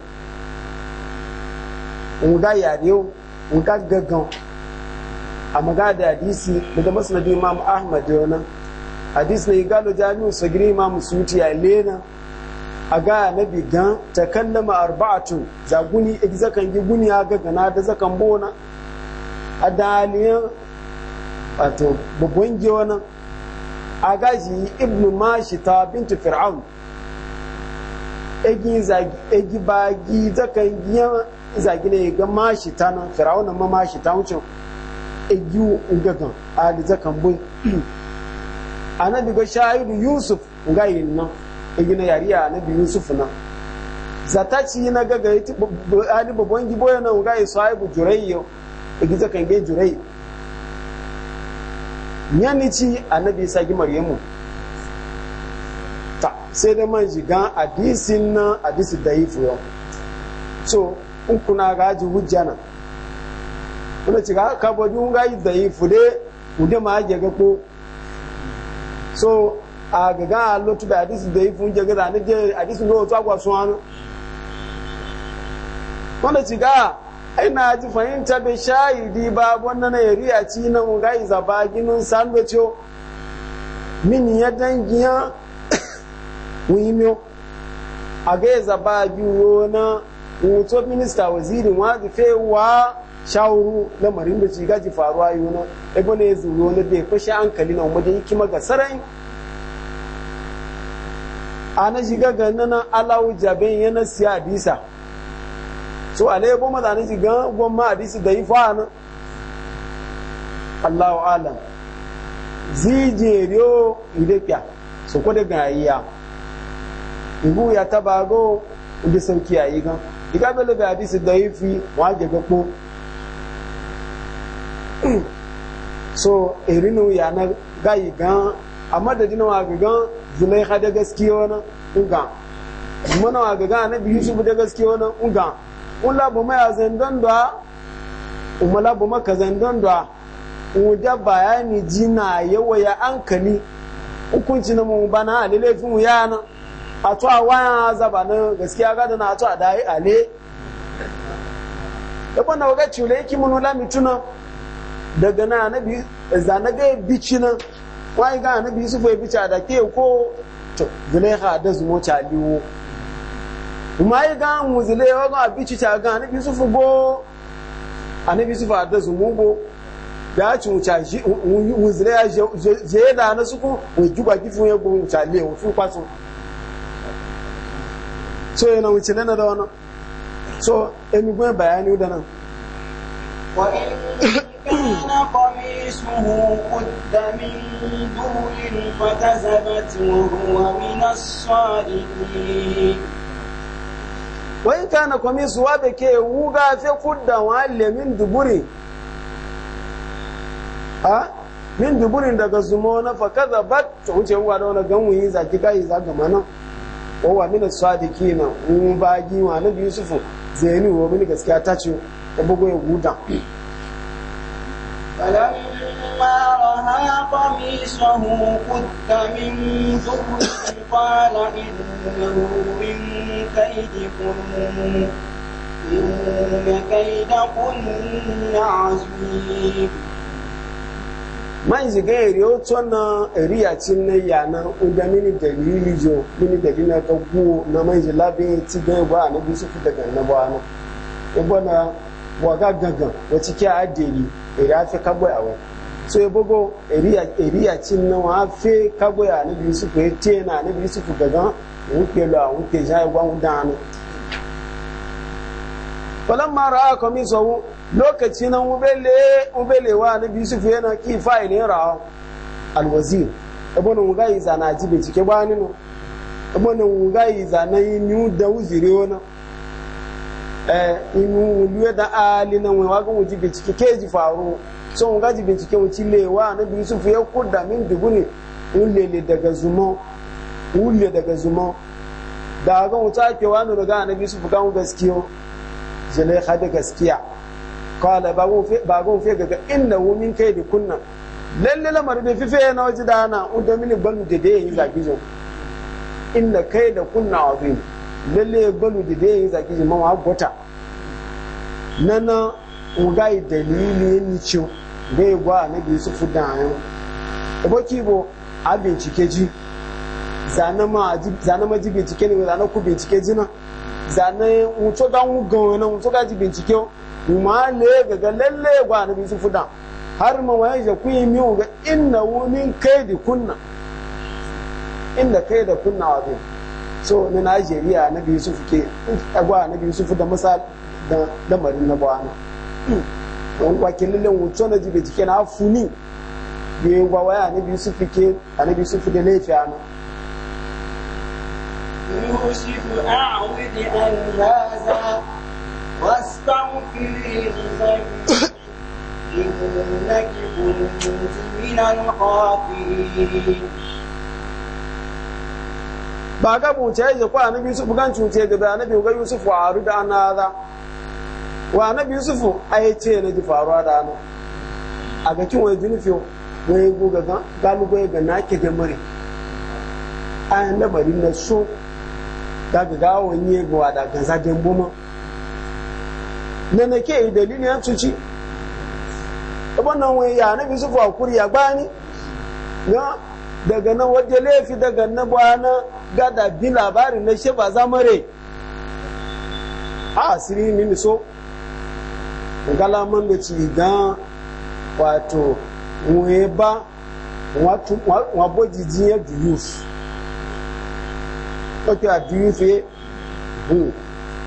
Speaker 1: nga yare nga gaggan a da hadisi daga masnadin imam ahmad yana hadisi na igalo jami'u sagiri imam suti a lena a ga na bigan ta kallama arba'atu zaguni zakan gizakan guni a gagana da zakan bona a daliyan wato babban nan a gaji ibn mashita bintu fir'aun egi bagi zakan giya zagi ne ga mashita nan fir'aun ma mashita wuce egi ugagan a da zakan bai annabi ga shahidu yusuf ga yin nan egi na yariya annabi yusuf nan zata ci na gaga ali babban giboya nan ga sahibu jurayyo egi zakan ga jurayyo nyani ci annabi isa gi maryamu ta sai da man shiga hadisin nan hadisi daifu yau so in kuna gaji hujjana kuna ci ka bobi un gaji daifu de ude ma age ga ko so a gaga a lotu da hadisi daifu un jaga da ne je hadisi lo to agwa sun anu kuna ci gaa ina ji fahimta bai shahidi ba wanda na yari a ci na muga iza ba ginin sandwicho min ya dangiya wimiyo a ga iza ba giwo na hoto minista wazirin wazi wa shawuru marin da ci gaji faruwa yi wani ebe zuru wani da ya fashe hankali na wajen yi kima ga sarai a na shiga ganin jabin yana siya bisa so ale bo ma dani gan bo ma hadisi da yi fa'ana Allahu alam zijeriyo idekya ide kya so ko de gan iya ibu ya tabago uje sauki yi gan iga bele be hadisi da fi wa je ko. so erinu ya na gayi gan amma da dina wa gan zulai hada gaskiya wani ugan mana wa gan na biyu su bude gaskiya wani ugan ula bu ya zandon da umala bu maka zandon da uja bayani jina yawa ya ankali hukunci na mu bana ale laifin wuya na a to a waya zaba na gaskiya gada na to a dai ale da bana ga cule yake mun ula mituna daga na anabi bici na wai ga anabi su ya bici da ke ko to zulaiha da zumo ta liwo mai ga muzile ya ga bici ta ga anabi yusufu go anabi yusufu a da zumugo da ci wuta muzile ya je da na suku wai juba gifin ya gumu ta le wa fu kwaso so yana wuce na da wannan so emi gwen bayani da nan كان قميصه قد من دور فكذبت وهو من الصادقين wọ́n ká na kọ́mí suwa bẹ̀ kẹ́ ewu gá fẹ́ da wọ́n a daga zumo na fa kaza ta wuce wa da wani gan wuyi zaki ka yi zaga mana wọ́n wà na suwa da ke na wọ́n ba gi wa yusufu zai ni gaskiya ta ce ta bugu فلما رأى قميصه قد من ثور قال إنه من كيدكن إن كيدكن عظيم manzi ga eri otu na eri ya ci nne ya na uda mini dalili jo mini dalili na ta na manzi labe ti ga egbe na bisu daga na ba na waga gangan wacce ke adiri iri afe kagwai a wani so ya bugo eri a cin nan wa fe kagwai na biyu su kuwa te na na biyu su kuwa gagan wuke lo a wuke ja igwa wuda anu falan ma ra'a kami sau lokaci nan ubele ubele wa na biyu su kuwa yana ki fa'ilin ra'a alwazir ebonin wuga yi zana ji bincike ba ni no ebonin wuga yi zana yi ni da wuziri wani Eh, inu luwe da ali na wani wagon wuji bincike ke ji faru so wun gaji bincike wuci lewa na biyu su fiye kuda min dubu daga daga da fi kan gaskiyo jile hada gaskiya kala fiye kai da kunna lalle lamarin fife da ana kai da kunna lalle balu da dai yin zaki jima wa gota nana nga yi dalili ni ciw da ya gwa na bi su fudan ayo aboki bo a bincike ji zana ma ji bincike ne na ku bincike ji na zana mutu ga mu gawo na mutu ga ji bincike ma le ga ga lalle gwa na bi su fudan har ma waye ja ku yi miyo ga inna wumin kaidi kunna inda kaida kunna wa biyu so na Najeriya na biyu su fuke agwa na biyu su da masa da lamarin na bawana don wakilin lan wuto na jibe jike na afuni biyu gwa na biyu su fuke a na biyu su fuke laifi ana إنك كنت من الخاطئين ba ga buce ya kwa annabi yusuf gan cuce ga annabi ga yusuf wa aru da anaza wa annabi yusuf ya ce na ji faruwa da ana a ga kin wai junfiyo wai goga ga galu goyi ga nake ga mure ai na bari na so da ga gawo ne ga da ga zagen boma ke nake dalilin ya cuci wannan wai ya annabi yusuf wa kuriya bani na daga nan waje laifi daga nan bana gada bi labarin na shi zamare a asiri ni so man da ci gan wato wuye ba wabo jijin ya duyus ɗauke a duyus bu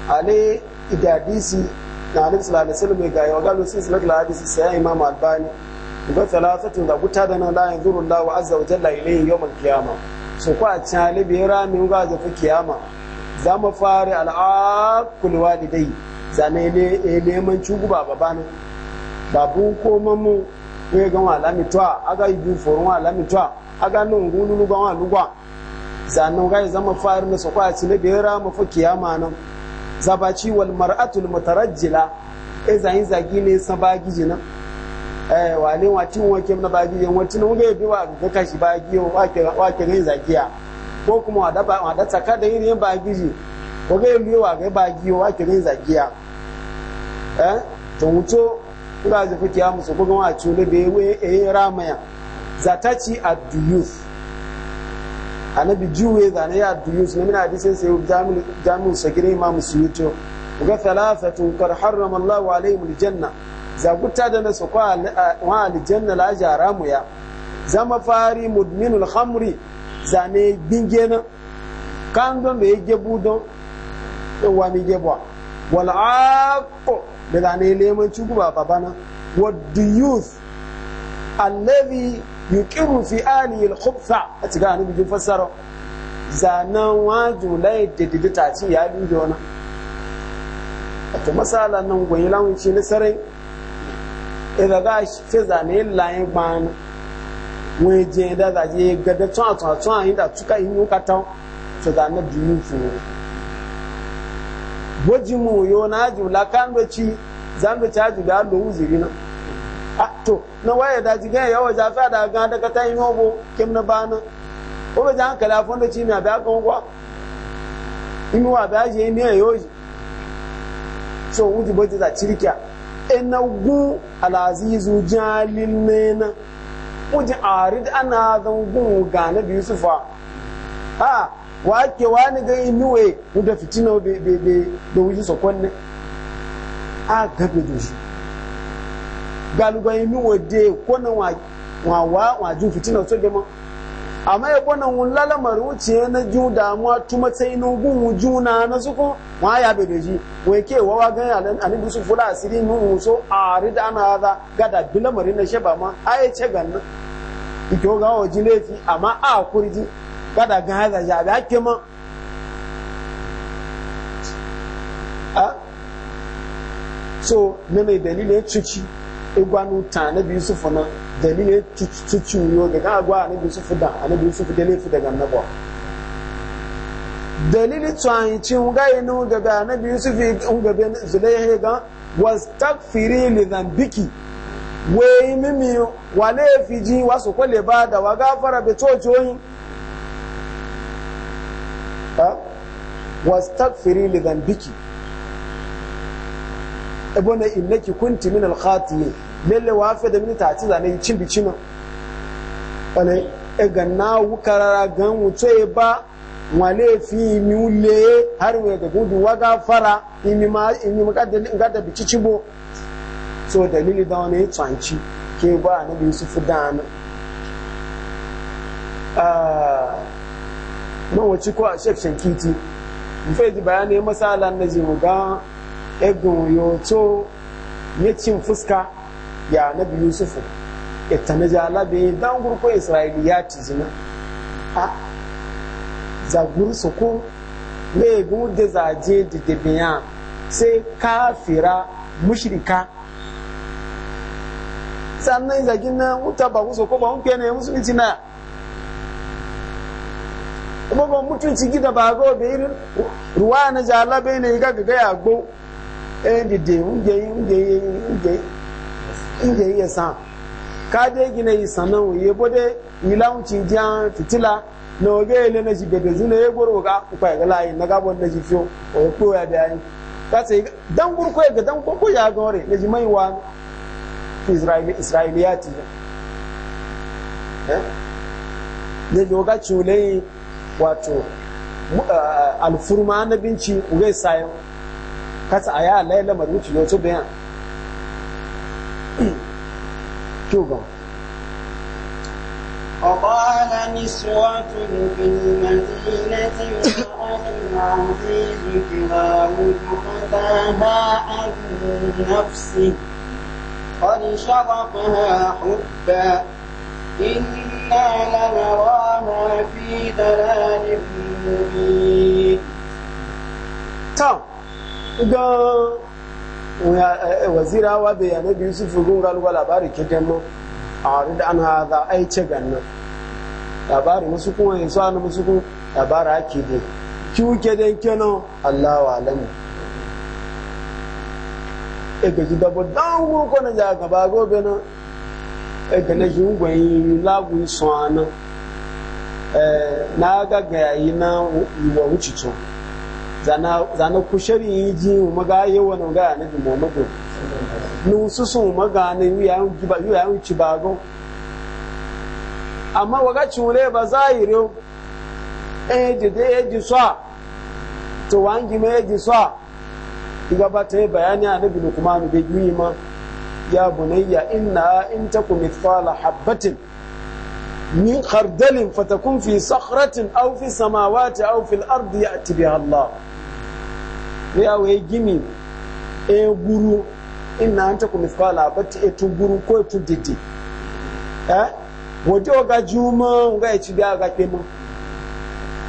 Speaker 1: a ne idadisi na alif sulala mai e gaya yawa galo sun sulala hadisi sai imam albani ga salasatin da guta da nan la yanzuru Allah wa azza wa jalla ilayhi yawm al-qiyamah su kwa cin ramin ga zafi kiyama za mu fara al'akul walidai za ne eh, neman cuguba babana babu koma mu ne ga wa lamitwa aga ibi forun wa lamitwa aga nun gululu ga wa lugwa zanen ga mu fara na su kwa ne ramin mu fa kiyama nan ci wal mar'atul mutarajjila e zayin zagi ne sabagi jinan Eh, wani wale wa cin wa kemna ba giye wa cin wa bi wa ga kashi ba giyo wa ke wa ke zakiya ko kuma wa da wa da tsaka da yin ba giye ko ga bi wa ga ba giyo wa ke rin zakiya eh to wuto ina ji fuki ya musu ko ga wa cule be we eh ramaya zataci a duyuf annabi juwe zane ya ad-duyuf ne mina hadisin sai jami'u jami'u sagire imam suyuto ga thalathatun qad harrama Allahu alaihim al-janna zaguta da na kwa wa aljanna la jara ya zama fari mudminul khamri zane bingena na kan don da ya don wa mi bwa wal aq da zane leman cugu ba babana what do you alladhi yuqiru fi ali al khubtha a tiga an fasara fassara zanan waju lai da ci ya bi jona to masala nan goyi lawanci na sarai ìgbàgbà fẹ́zà ní láyín gbáàánú wọ́n jẹ́ dáadáa yẹ gẹ́gẹ́ tún àtún àtún àyíndà túká inú kátán fẹ́zà náà bí ní fún un bójì mú ci náà jù lákàndọ̀chí zandochí àjùgbà lòun zìrí náà to na waye da ji gaya yawa ja fa da da ka ta yi mabu kim na bana o ba jan kala fon da ci mi abia kan kwa imi wa ba je ni e yi so wuji boji da cirkiya enagun alazizu jalin nena mujin arid ana zangun ga na biyu sufa ha wa ke wani ga inuwe da fitina da wuji sokon ne a gabe da shi galugan inuwe de kona wa wa wa jin fitina to de ma amma ya bana wun lalamar wuce na ju damuwa tuma sai na gun juna na suku ma ya be da shi wai ke wawa gan yalan anibi su fula asiri mun so a rida ana haza gada bilamari na sheba ma a ya ce ganna ito ga waji laifi amma a kurji gada gan haza ya ba ke ma so na mai dalilin cuci igwanu ta annabi yusuf ne dalilin yo ga agwa bi yusuf da bi yusuf da laifi daga annabwa dalili tsohancin gayi nun na bi yusuf in ben zulaihe ga was takfiri li dhanbiki we mimi wa laifi ji wasu kole ba da wa gafara bai cocoyi was takfiri li dhanbiki ebona innaki kunti min al ne? lalle wa fe da min ta ti zane cin bici ma wale e ga na wukarara gan e ba wale fi mi ule har we da gudu ga fara imi ma imi ma kadda bi bici cibo so dalili da wani tsanci ke ba na bi su fudana ah mawaci ko a shek shankiti mu fa ji bayanai masalan na ji mu ga egun yacin fuska ya nabi yusufu ita na jalabe dan gurko isra'iliyati zina a zagur su ko mai gudu zaje da dabiya sai kafira mushrika sannan zagin na wuta ba ku ko ba mun na ya na kuma ba mutunci gida ba ga obe ruwa na jalabe ne ga gaya ya gbo ɗayan dide wunje yi wunje yi wunje wunje gina yi sanan wuye bode wilawuncin fitila na oge ele na ji bebe zuna ya goro eh? ga kuka ga layi na gabon na ji fiyo o ya koya da yayi ta ce dan ya ga dan gurko ya ga wore na ji mai wa israeli israeliyati ne ne loga chule wato ah, alfurma na binci ugai sayo kasa a ya lai lamar wuce yau bayan شوفوا وقال نسوة في المدينة امرأة العزيز كلاهما فتاها عن نفسه قد شغفها حبا إنا لنراها في ضلال مبين. gan e, e, waziri awa bai yana biyu su fugun galuwa labari kitan mu a wani da an haza ai ce ganna labari musu kuma yin sa'ani musu kun labari ake dai ki wuke dan keno allah wa alamu e ga ji dabo dan wo ko na ja gaba gobe na e ga na ji ngwan yi lagu so ana na ga ga yi na iwa wucicin zana kushari yi ji maga yawa na ga anabi muhammadu nususu umaga na yayin ci bago amma waga cule ba zahiri eji da e, eji sa to wangi ma e, eji sa diga ba ta yi bayani kuma lukmanu da yi ma ya bunayya inna in takum mithqala habatin min khardalin fatakun fi sakhratin aw fi samawati aw fil ardi ya'ti biha Allah ya wai gimi e guru ina hanta ku mifkala bati e tu guru ko e tu didi eh o ga juma e ga e ci ga ga kemo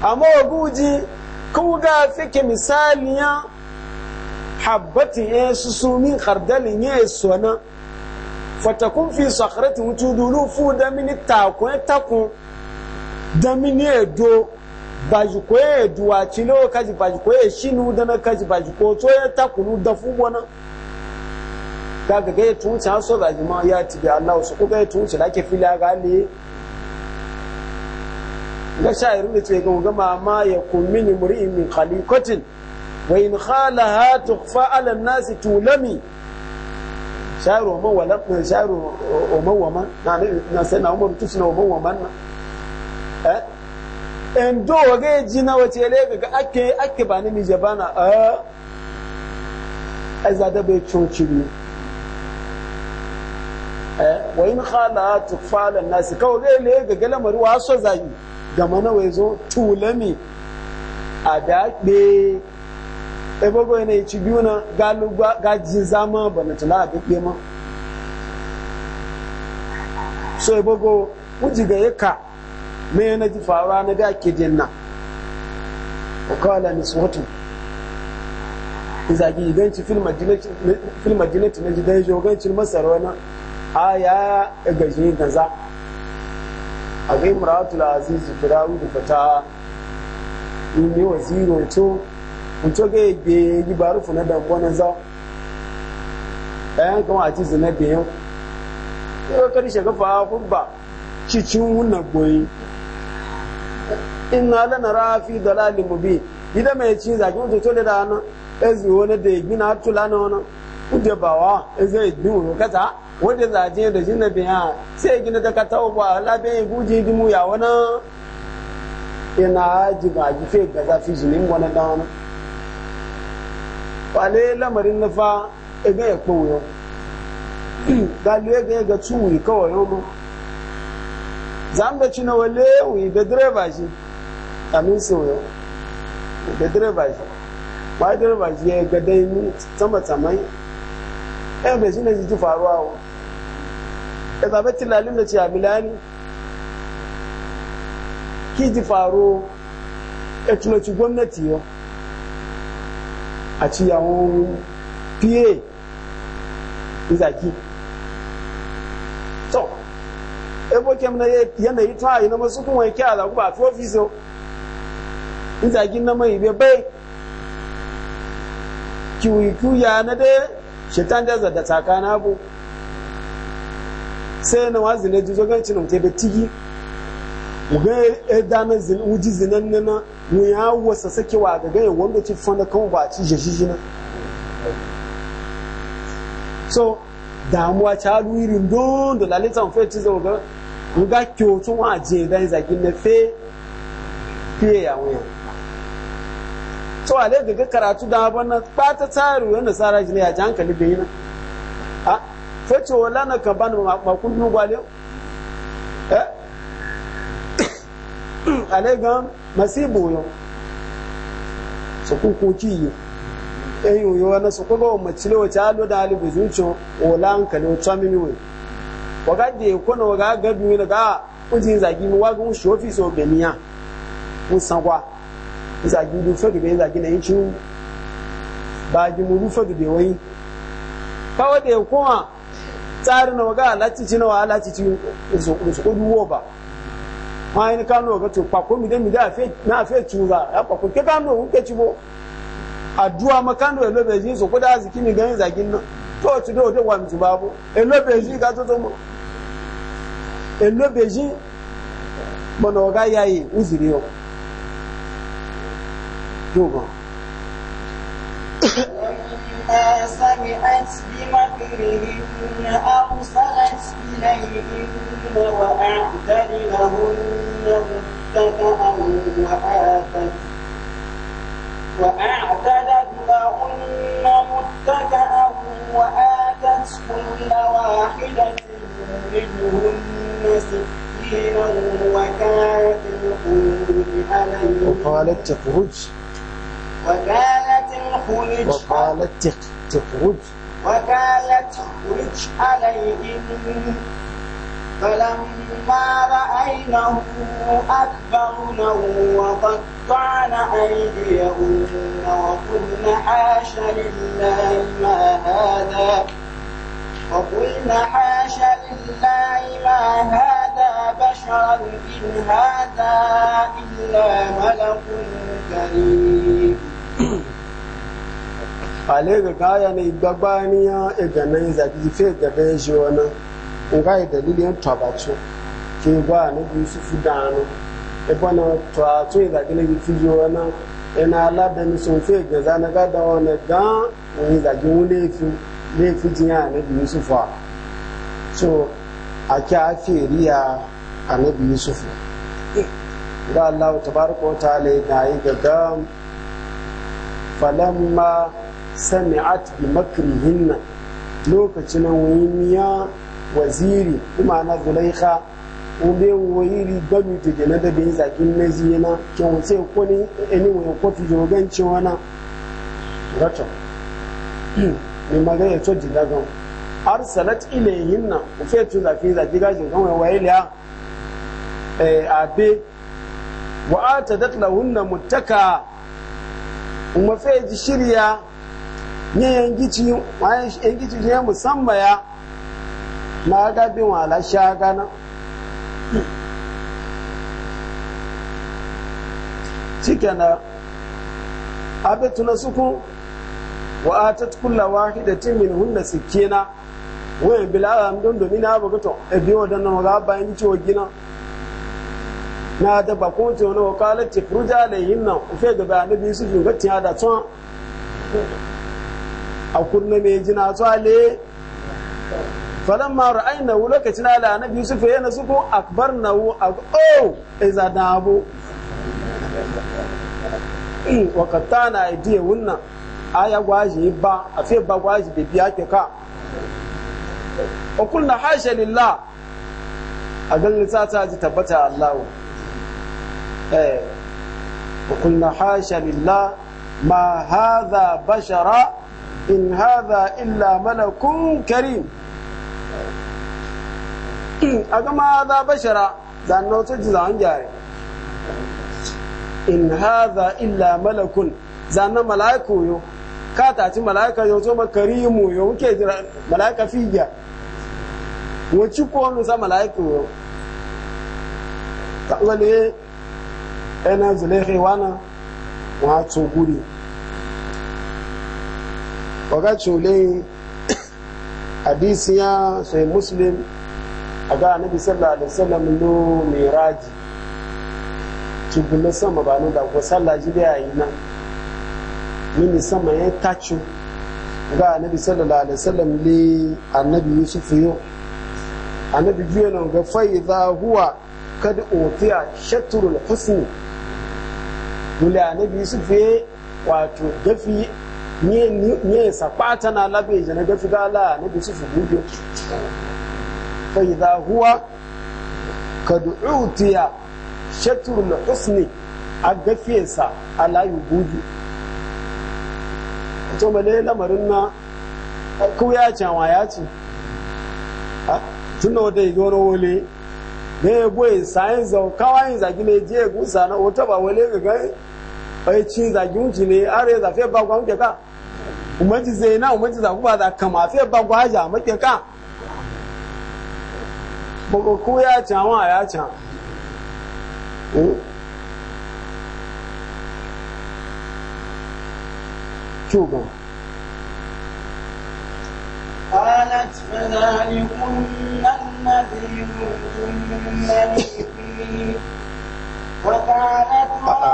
Speaker 1: amma o oguji kun ga fike misaliya habbatin e susu min khardalin ya e sona fatakun fi sakhratin tudulu fu da min takun takun da min edo baji koye duwa cilo kaji baji koye shinu dana kaji baji ko to ya takunu da fubo nan daga ga ya tunce an so zaji ma ya a Allah su ko ga ya tunce da ke fila ga ne ga sha'iru da ce ga gama ma ya kummin mur'in min khaliqatin wa in khalaha tukhfa 'ala an-nas tulami sha'iru ma wala sha'iru ma na na sai na umar tusna ma eh in do ga ji na wace lebe ga ake ake ba ni mi je bana eh, a azada be coci ne eh wa in khala tukfala nas ka ga le ga gala mari wa so zagi ga mana wai zo tulami a da be e bogo ne biyu na galu ga ji zama bana tala da be ma so e bogo uji ga yaka me na ji faruwa na ga ke jenna wa kala niswatu iza gi ganci fil madinati fil madinati na gidan jo ganci masar wana aya ga je gaza a ga imratul aziz firawu da fata ni waziro to mutu ga gbe yi baru funa da gwana za ɗayan kama a ci zina biyan ko karshe gafa hubba cicin wunan goyi inna lanara fi dalalin limobi ida mai echi zaki mutu to da ana ezi wani da igbi na tula na wani kuje bawa ezi egbi wani kata wanda zaje da shi na biya na gina da ala ba labiyan ya guji dimu ya wani ina ji ba ji fe ga zafi jinin wani da wani kwale lamarin nufa ebe ya kpowo yau galiwe ga ya ga ciwo kawai ọnụ. zando cina wale wi be direba shi kamin sai wuyo be direba shi ba direba shi ya ga dai ni tsama tsamai eh be ci a milani ki faro e tuno ci gwamnati yo a ci yawon pa izaki to ebo kem na yanayi ta yi na masu kun wanke ala ku ba fi ofiso in zagin na mai bebe kiwiku ya na dai shetan da zada tsakana bu sai na wazi na juzo gan cinin tebe tigi muga e dana zin uji zinan mu ya wasa sake wa ga ganye wanda ci fanda kan ba ci jashishina so damuwa ta ruirin don da lalitan fe ci zo ga nga kyo tun wa je dan zagin na fe fiye ya wuya to ale daga karatu da ban na ta tsari wanda sara jini ya ji hankali bai na a fe ce wala na ka ban ma kun gwale eh ale ga masibu yo so ku ku ci yi en yuyo na su kogo macile wace alo da alibu zuciyo ola hankali wace mimi wai waga da ya kona waga gabi wani ga ujin zagi mu waga mushi ofis o beniya mun san kwa zagi du fadu bai zagi na yin ba ji mu fadu bai wani kawai da ya koma tsarin na waga alacici na wa alacici su kudu wo ba ma yi ni kano ga to kwakwo dai, mu mi da na fe tuza ya kwakwo ke kano ke ci bo addu'a makando elobeji so koda aziki mi ganin zagin nan to ti do de wa mi babu elobeji ka to to mo elobeji bono ga yayi uziri o dogo سمعت بمكرهن أرسلت إليهن وأعتد لهن وآتت وأعتدت لهن متكأه وآتت كل واحدة منهن سكينا وكانت الخلود عليهم وقالت تخرج وكانت الخلج وقالت تخرج وكانت تخرج عليهم فلما رأينه أكبرنه وقطعن أيديهن وقلن حاش لله ما هذا وقلن حاش لله ما هذا بشرا إن هذا إلا ملك كريم ale ga kaya ni gbagba niya e ganin zabi fe gabe nga yi dalilin tabacu ke a e na bi su fi dano ebe na tabacu ya zagi na bifi ji wani yana alada ni sun fi gaza na da wani gan wani zagi wani laifi laifi a na bi su fa so a kya fi riya a na bi su fa ga Allah tabaraka wa ta'ala na yi gaga falamma sami'at bi makrihinna lokacin wani miya waziri kuma na zulaikha yi woyiri gami to jana da bin zakin na ziyana ke wace kone eni wani kofi jogan cewa na rato mai magana ya to jiga gan arsalat ilayhin na ufe to zafi zafi gajin gan wani waye liya e, abe wa ata datla hunna mutaka kuma fe ji shirya ne yangici yangici ne musamman ya na ga bin wala shaga na cikana abituna sukun wa a ta tukula wahi da wahidatin min hunna sikina wayan bilala don domin na abu gato e biyo dan nan ga bayan ciwo gina na da bakon ce wani wakalar ce furuja da yin nan ufe da bayan da fi gati ya da tsan a kurna mai jina tsale falamma ra'aynahu lokacin ala annabi yusuf yana suko akbarnahu oh iza dabo in wa qatana aydiyahunna aya gwaji ba a afi ba gwaji bi biya ke ka wa kulna hasha Lilla? a ganin sata ji tabbata Allahu. eh wa kulna hasha lillah ma hadha bashara in hadha illa malakun karim a za bashara zanna to ji zan gyare in illa malakun zanna mala'iku yo ka ta ci mala'ika yo to makarimu yo muke jira mala'ika fiya wace ko nu sa mala'iku yo ta wale ena zule wana wa guri waga chule hadisi ya sai muslim a ga annabi sallallahu alaihi wasallam no miraji cikin sama ba nan da ko sallah ji da yi nan mini sama ya tacho ga annabi sallallahu alaihi wasallam li annabi yusuf yo annabi biyo nan ga fa idha huwa kad utiya shatrul husn dole annabi yusuf wato dafi nye sakpata na alabe je na gafi gala na bisu fugudu fa idha huwa kad utiya shatrul husni a gafe sa ala yugudu to male lamarin na ku ya ci wa ya ci tun da wata igoro wole da ya boye sayin zau kawayin zagi ne je gusa na wata ba wale ga gai bai cin zagi wuce ne are zafe ba kwan ka umarci zai na za kuma za kama fi ba gwaja make ka bako ko ya can wa ya can Cuba. قالت فذلكن فيه وقالت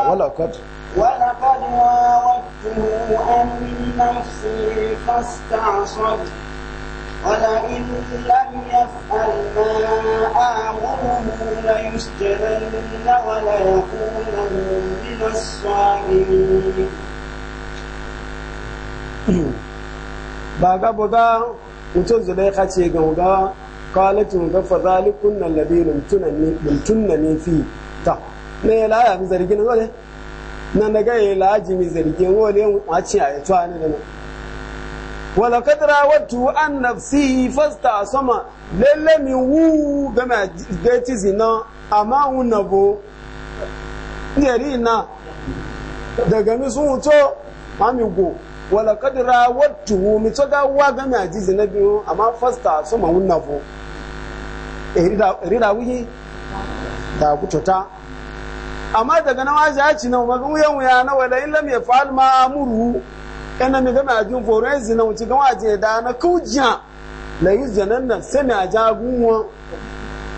Speaker 1: ولقد ولقد راودته عن نفسه فاستعصم ولئن لم يفعل ما آمره ليسجنن وليكونن من الصاغرين baga buga mutum zulaika ce ga muga kwalitin ga fazalikun nan labirin tunanni fi ta ne ya laya zargin wale na daga yi lajimi zargin wale wace a ne a nan wala kadra an nafsi fasta sama lalle mi wu zina amma na bo yari na daga mi sun go wala mi to ga wa ji zina biyu amma fasta sama na bo wuyi da kutota amma daga na waje ya ci na maga wuyan wuya na wala in lam yafal ma amuru kana mi gama ajin foren zina wuci gama ajin da na kujiya la yuzjanan nan sai mi aja gunwa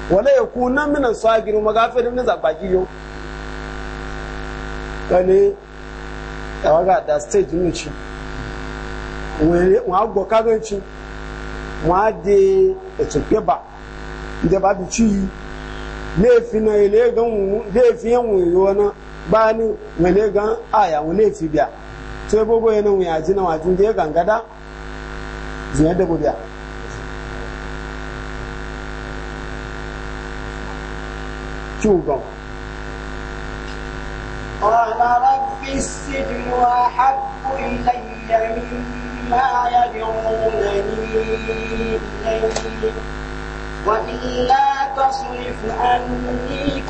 Speaker 1: wala yakuna min asagir magafirin na zabaki yo kale tawaga da stage ni ci wọn agbọ kaganci wọn ade etu peba ndeba bi ci yi laifin na ile gan laifin yan wuyo na ba ni wale gan aya wale fi biya to ya bogo yana wuya ji na wajin da ya gangada ziyar da gobiya kyugan قال رب السجن أحب إلي مما يدعونني إليه da تصرف عني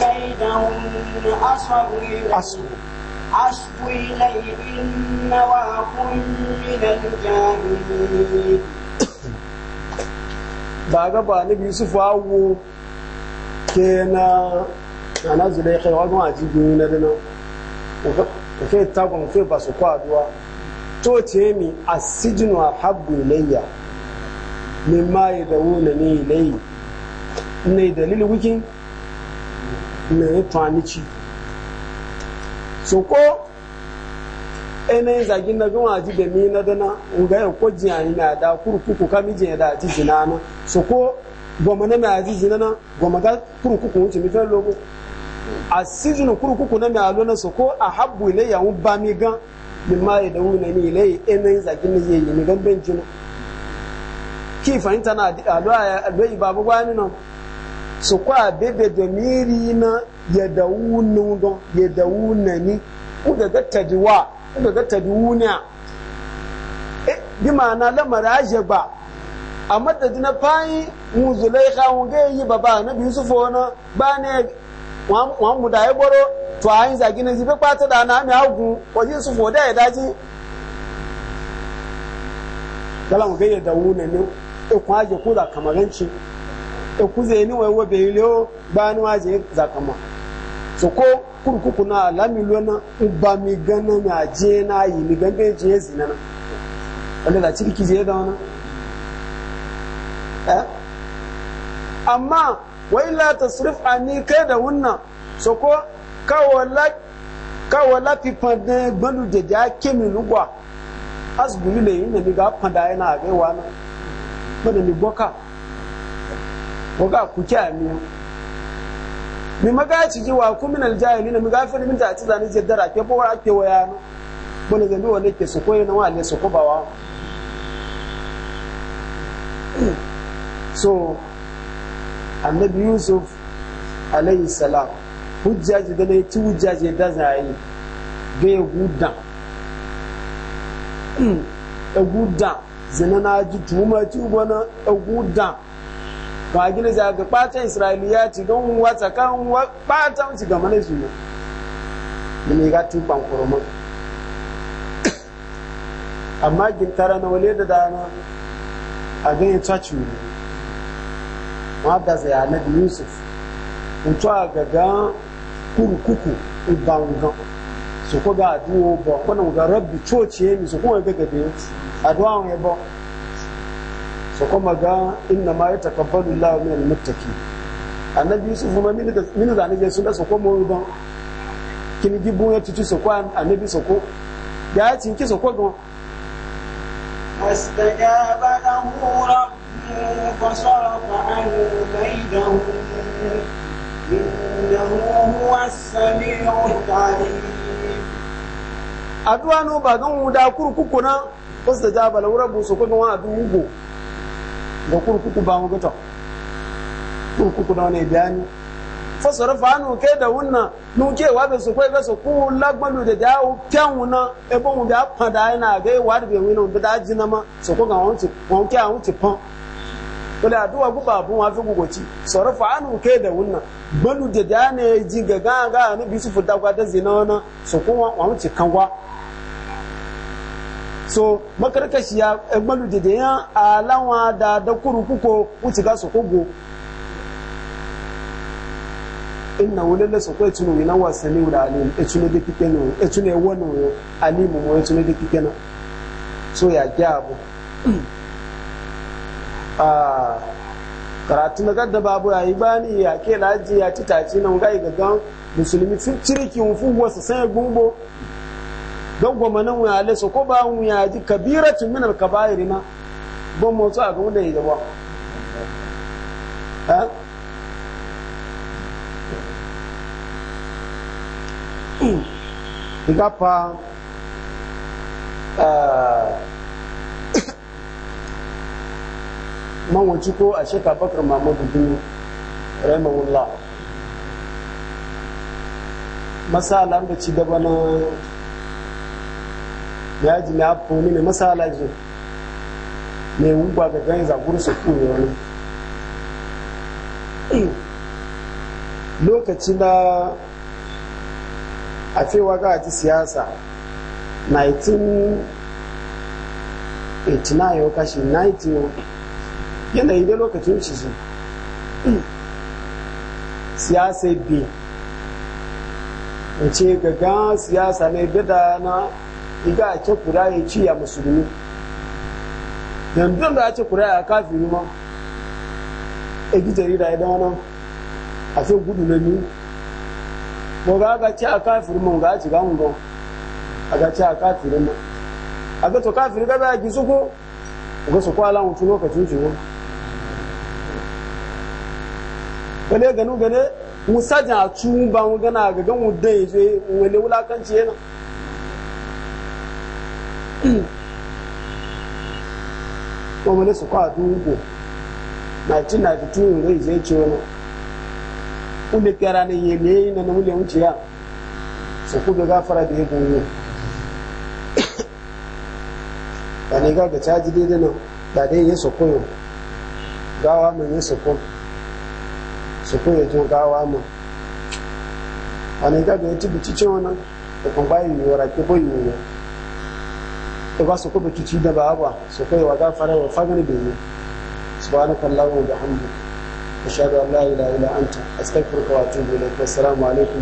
Speaker 1: ba na biyu su fawo ke na ana zule kai wa gama ji biyu na dana ko ke tagon fe ba su kwaduwa to ce mi a sijinu a habbu ilayya min ma yi da ilayya ne dalilin wikin na yi tuwanici so ko ene zagi na bin waji da mi na dana nga ya ko jiyani na da kurkuku kami jiya da aji jina na so ko goma na mai aji jina na goma ga kurkuku wuce mi logo a sizin kurkuku na mai alo na so ko a habbu ilayya wun ba mi gan mi ma ya da wuna ni ilayya ene zagi na yi yi gan ben jina ki fahimta na alo a alo ibabu gwani na su kwa bebe domiri na ya dawu nungon ya dawu nani kuka ga tajuwa kuka ga tajuwuna eh, bi ma'ana lamara aje ba a madadi na fayi mu zulaika mu ga yi ba ba na biyu su fona ba ne wa mu da ya boro to a yin zagi na zibe kwata da na mi wajen su foda ya daji kala mu ga ya dawu nani e ko ekuze ni wewe beileo banu aje zakama so ko kurkuku na alami lona uba mi gana a aje na yi mi gambe je zina na wanda da ciki je da wana eh amma wai la tasrif anni kada hunna so ko kawala kawala pipan de gbanu dede akemi lugwa asbuli le yin ne mi ga panda yana abewa na bada mi boka ga ku kyami mi maga ji wa ku min aljahilina mi gafi min ta ci zani dara ke bo ake waya no bone zambi wanda ke su koyi na wale su wa. so annabi yusuf alayhi salam hujjaji da ne ci hujjaji da zai ga ya gudan egudan zina na ji tuma ci ubana egudan wa gina za ga ɓatan isra'iliya ci don wata kan ɓatan ci ga mana zuwa da mai gatu ban kurma amma gintara na wale da dana a ganin tsaci ne ma da zai anabi yusuf mutu a gaga kurkuku ubangan su ko ga aduwo ba kwanan ga rabbi coci ya mi su kuma ga gabe aduwa wani ba su kuma ga inna ma ya takabbalu Allah min al-muttaqi annabi yusuf ma min da min da annabi sun da su kuma mu don kin gibu ya tutu su kwa annabi su ko ya cin ki su ko don wastajaba lahu rabbuhu fasarafa an kaidahum innahu huwa as al 'alim aduwa no ba gan da kurkuku na wasu da jaba laurar busu kuma wa adu hugo da kurkuku ba wuguta kurkuku da wani bayani fasara fanu ke da wunna nuke wa be su kai be su ku lagbalu da dawo kyan wuna e bon wu da pada yana ga wa na ma su ko ga won ti won ke an ti pon ba wa fi sara ke da wunna balu da dane ji ga ga ga ni fu da na su ko wa won ti kan so makarkashiya egbalu eh, dedeyan alawan da da kuru kuko wuce ga sokogo inna wulele soko etunu yina wa sani da alim etunu de kikenu etunu ewonu yo alimu mo etunu de kikenu so ya jabu ah karatu na gadda babu ya yi bani ya ke laji ya ci taci nan ga gagan musulmi sun cirikin fuwa su sanya gumbo don goma nan wuya lesa ko ba wuya ji kabiratun min alkabairi na bon motsu a ga wanda ya ah, ba gafa manwaci ko a shekar bakar mamadu biyu raimawullah masala da ci gaba na ya ji na fo ne masala ji ne wuba ga ganin zagun su kuyo wani lokaci na a cewa ga ci siyasa 1989 kashi 90 yi da lokacin ci su siyasa bi ce gaga siyasa ne bida na iga a ce kuraya ci ya musulmi yanzu da a ce kuraya kafiri ma egi jarida ya dana a fi gudu na ni mo ga aka ce a kafiri ma ga ci gamu ba a ga ce a kafiri ma a ga to kafiri ga ba gizo ko ga su kwala mutu lokacin ciwo wani ganu gane musajan a tun ba mu gana ga gan mu dai wani wulakanci yana Omuli soko Adaugo, 1992 ndị ịzụ echi ọnụ, ọ mụtara na enyemee na n'obodo Uche a, soko be ka afọ adịghị gaa egwu. Kaniga ndị chaajị ndị dị na ndị adịghị nye soko ya gaawa ama nye soko, soko ya njọ gaawa ama. Kaniga ndị eti bụ ọnụ, ekwagwa ịnyụ ụra kekwaga ịnyụ ụra. ba su kuma kici da ba su kai wa gafara wa fagar da yi subhanaka allahumma wa bihamdika ashhadu an la ilaha illa anta astaghfiruka wa atubu ilayk assalamu alaikum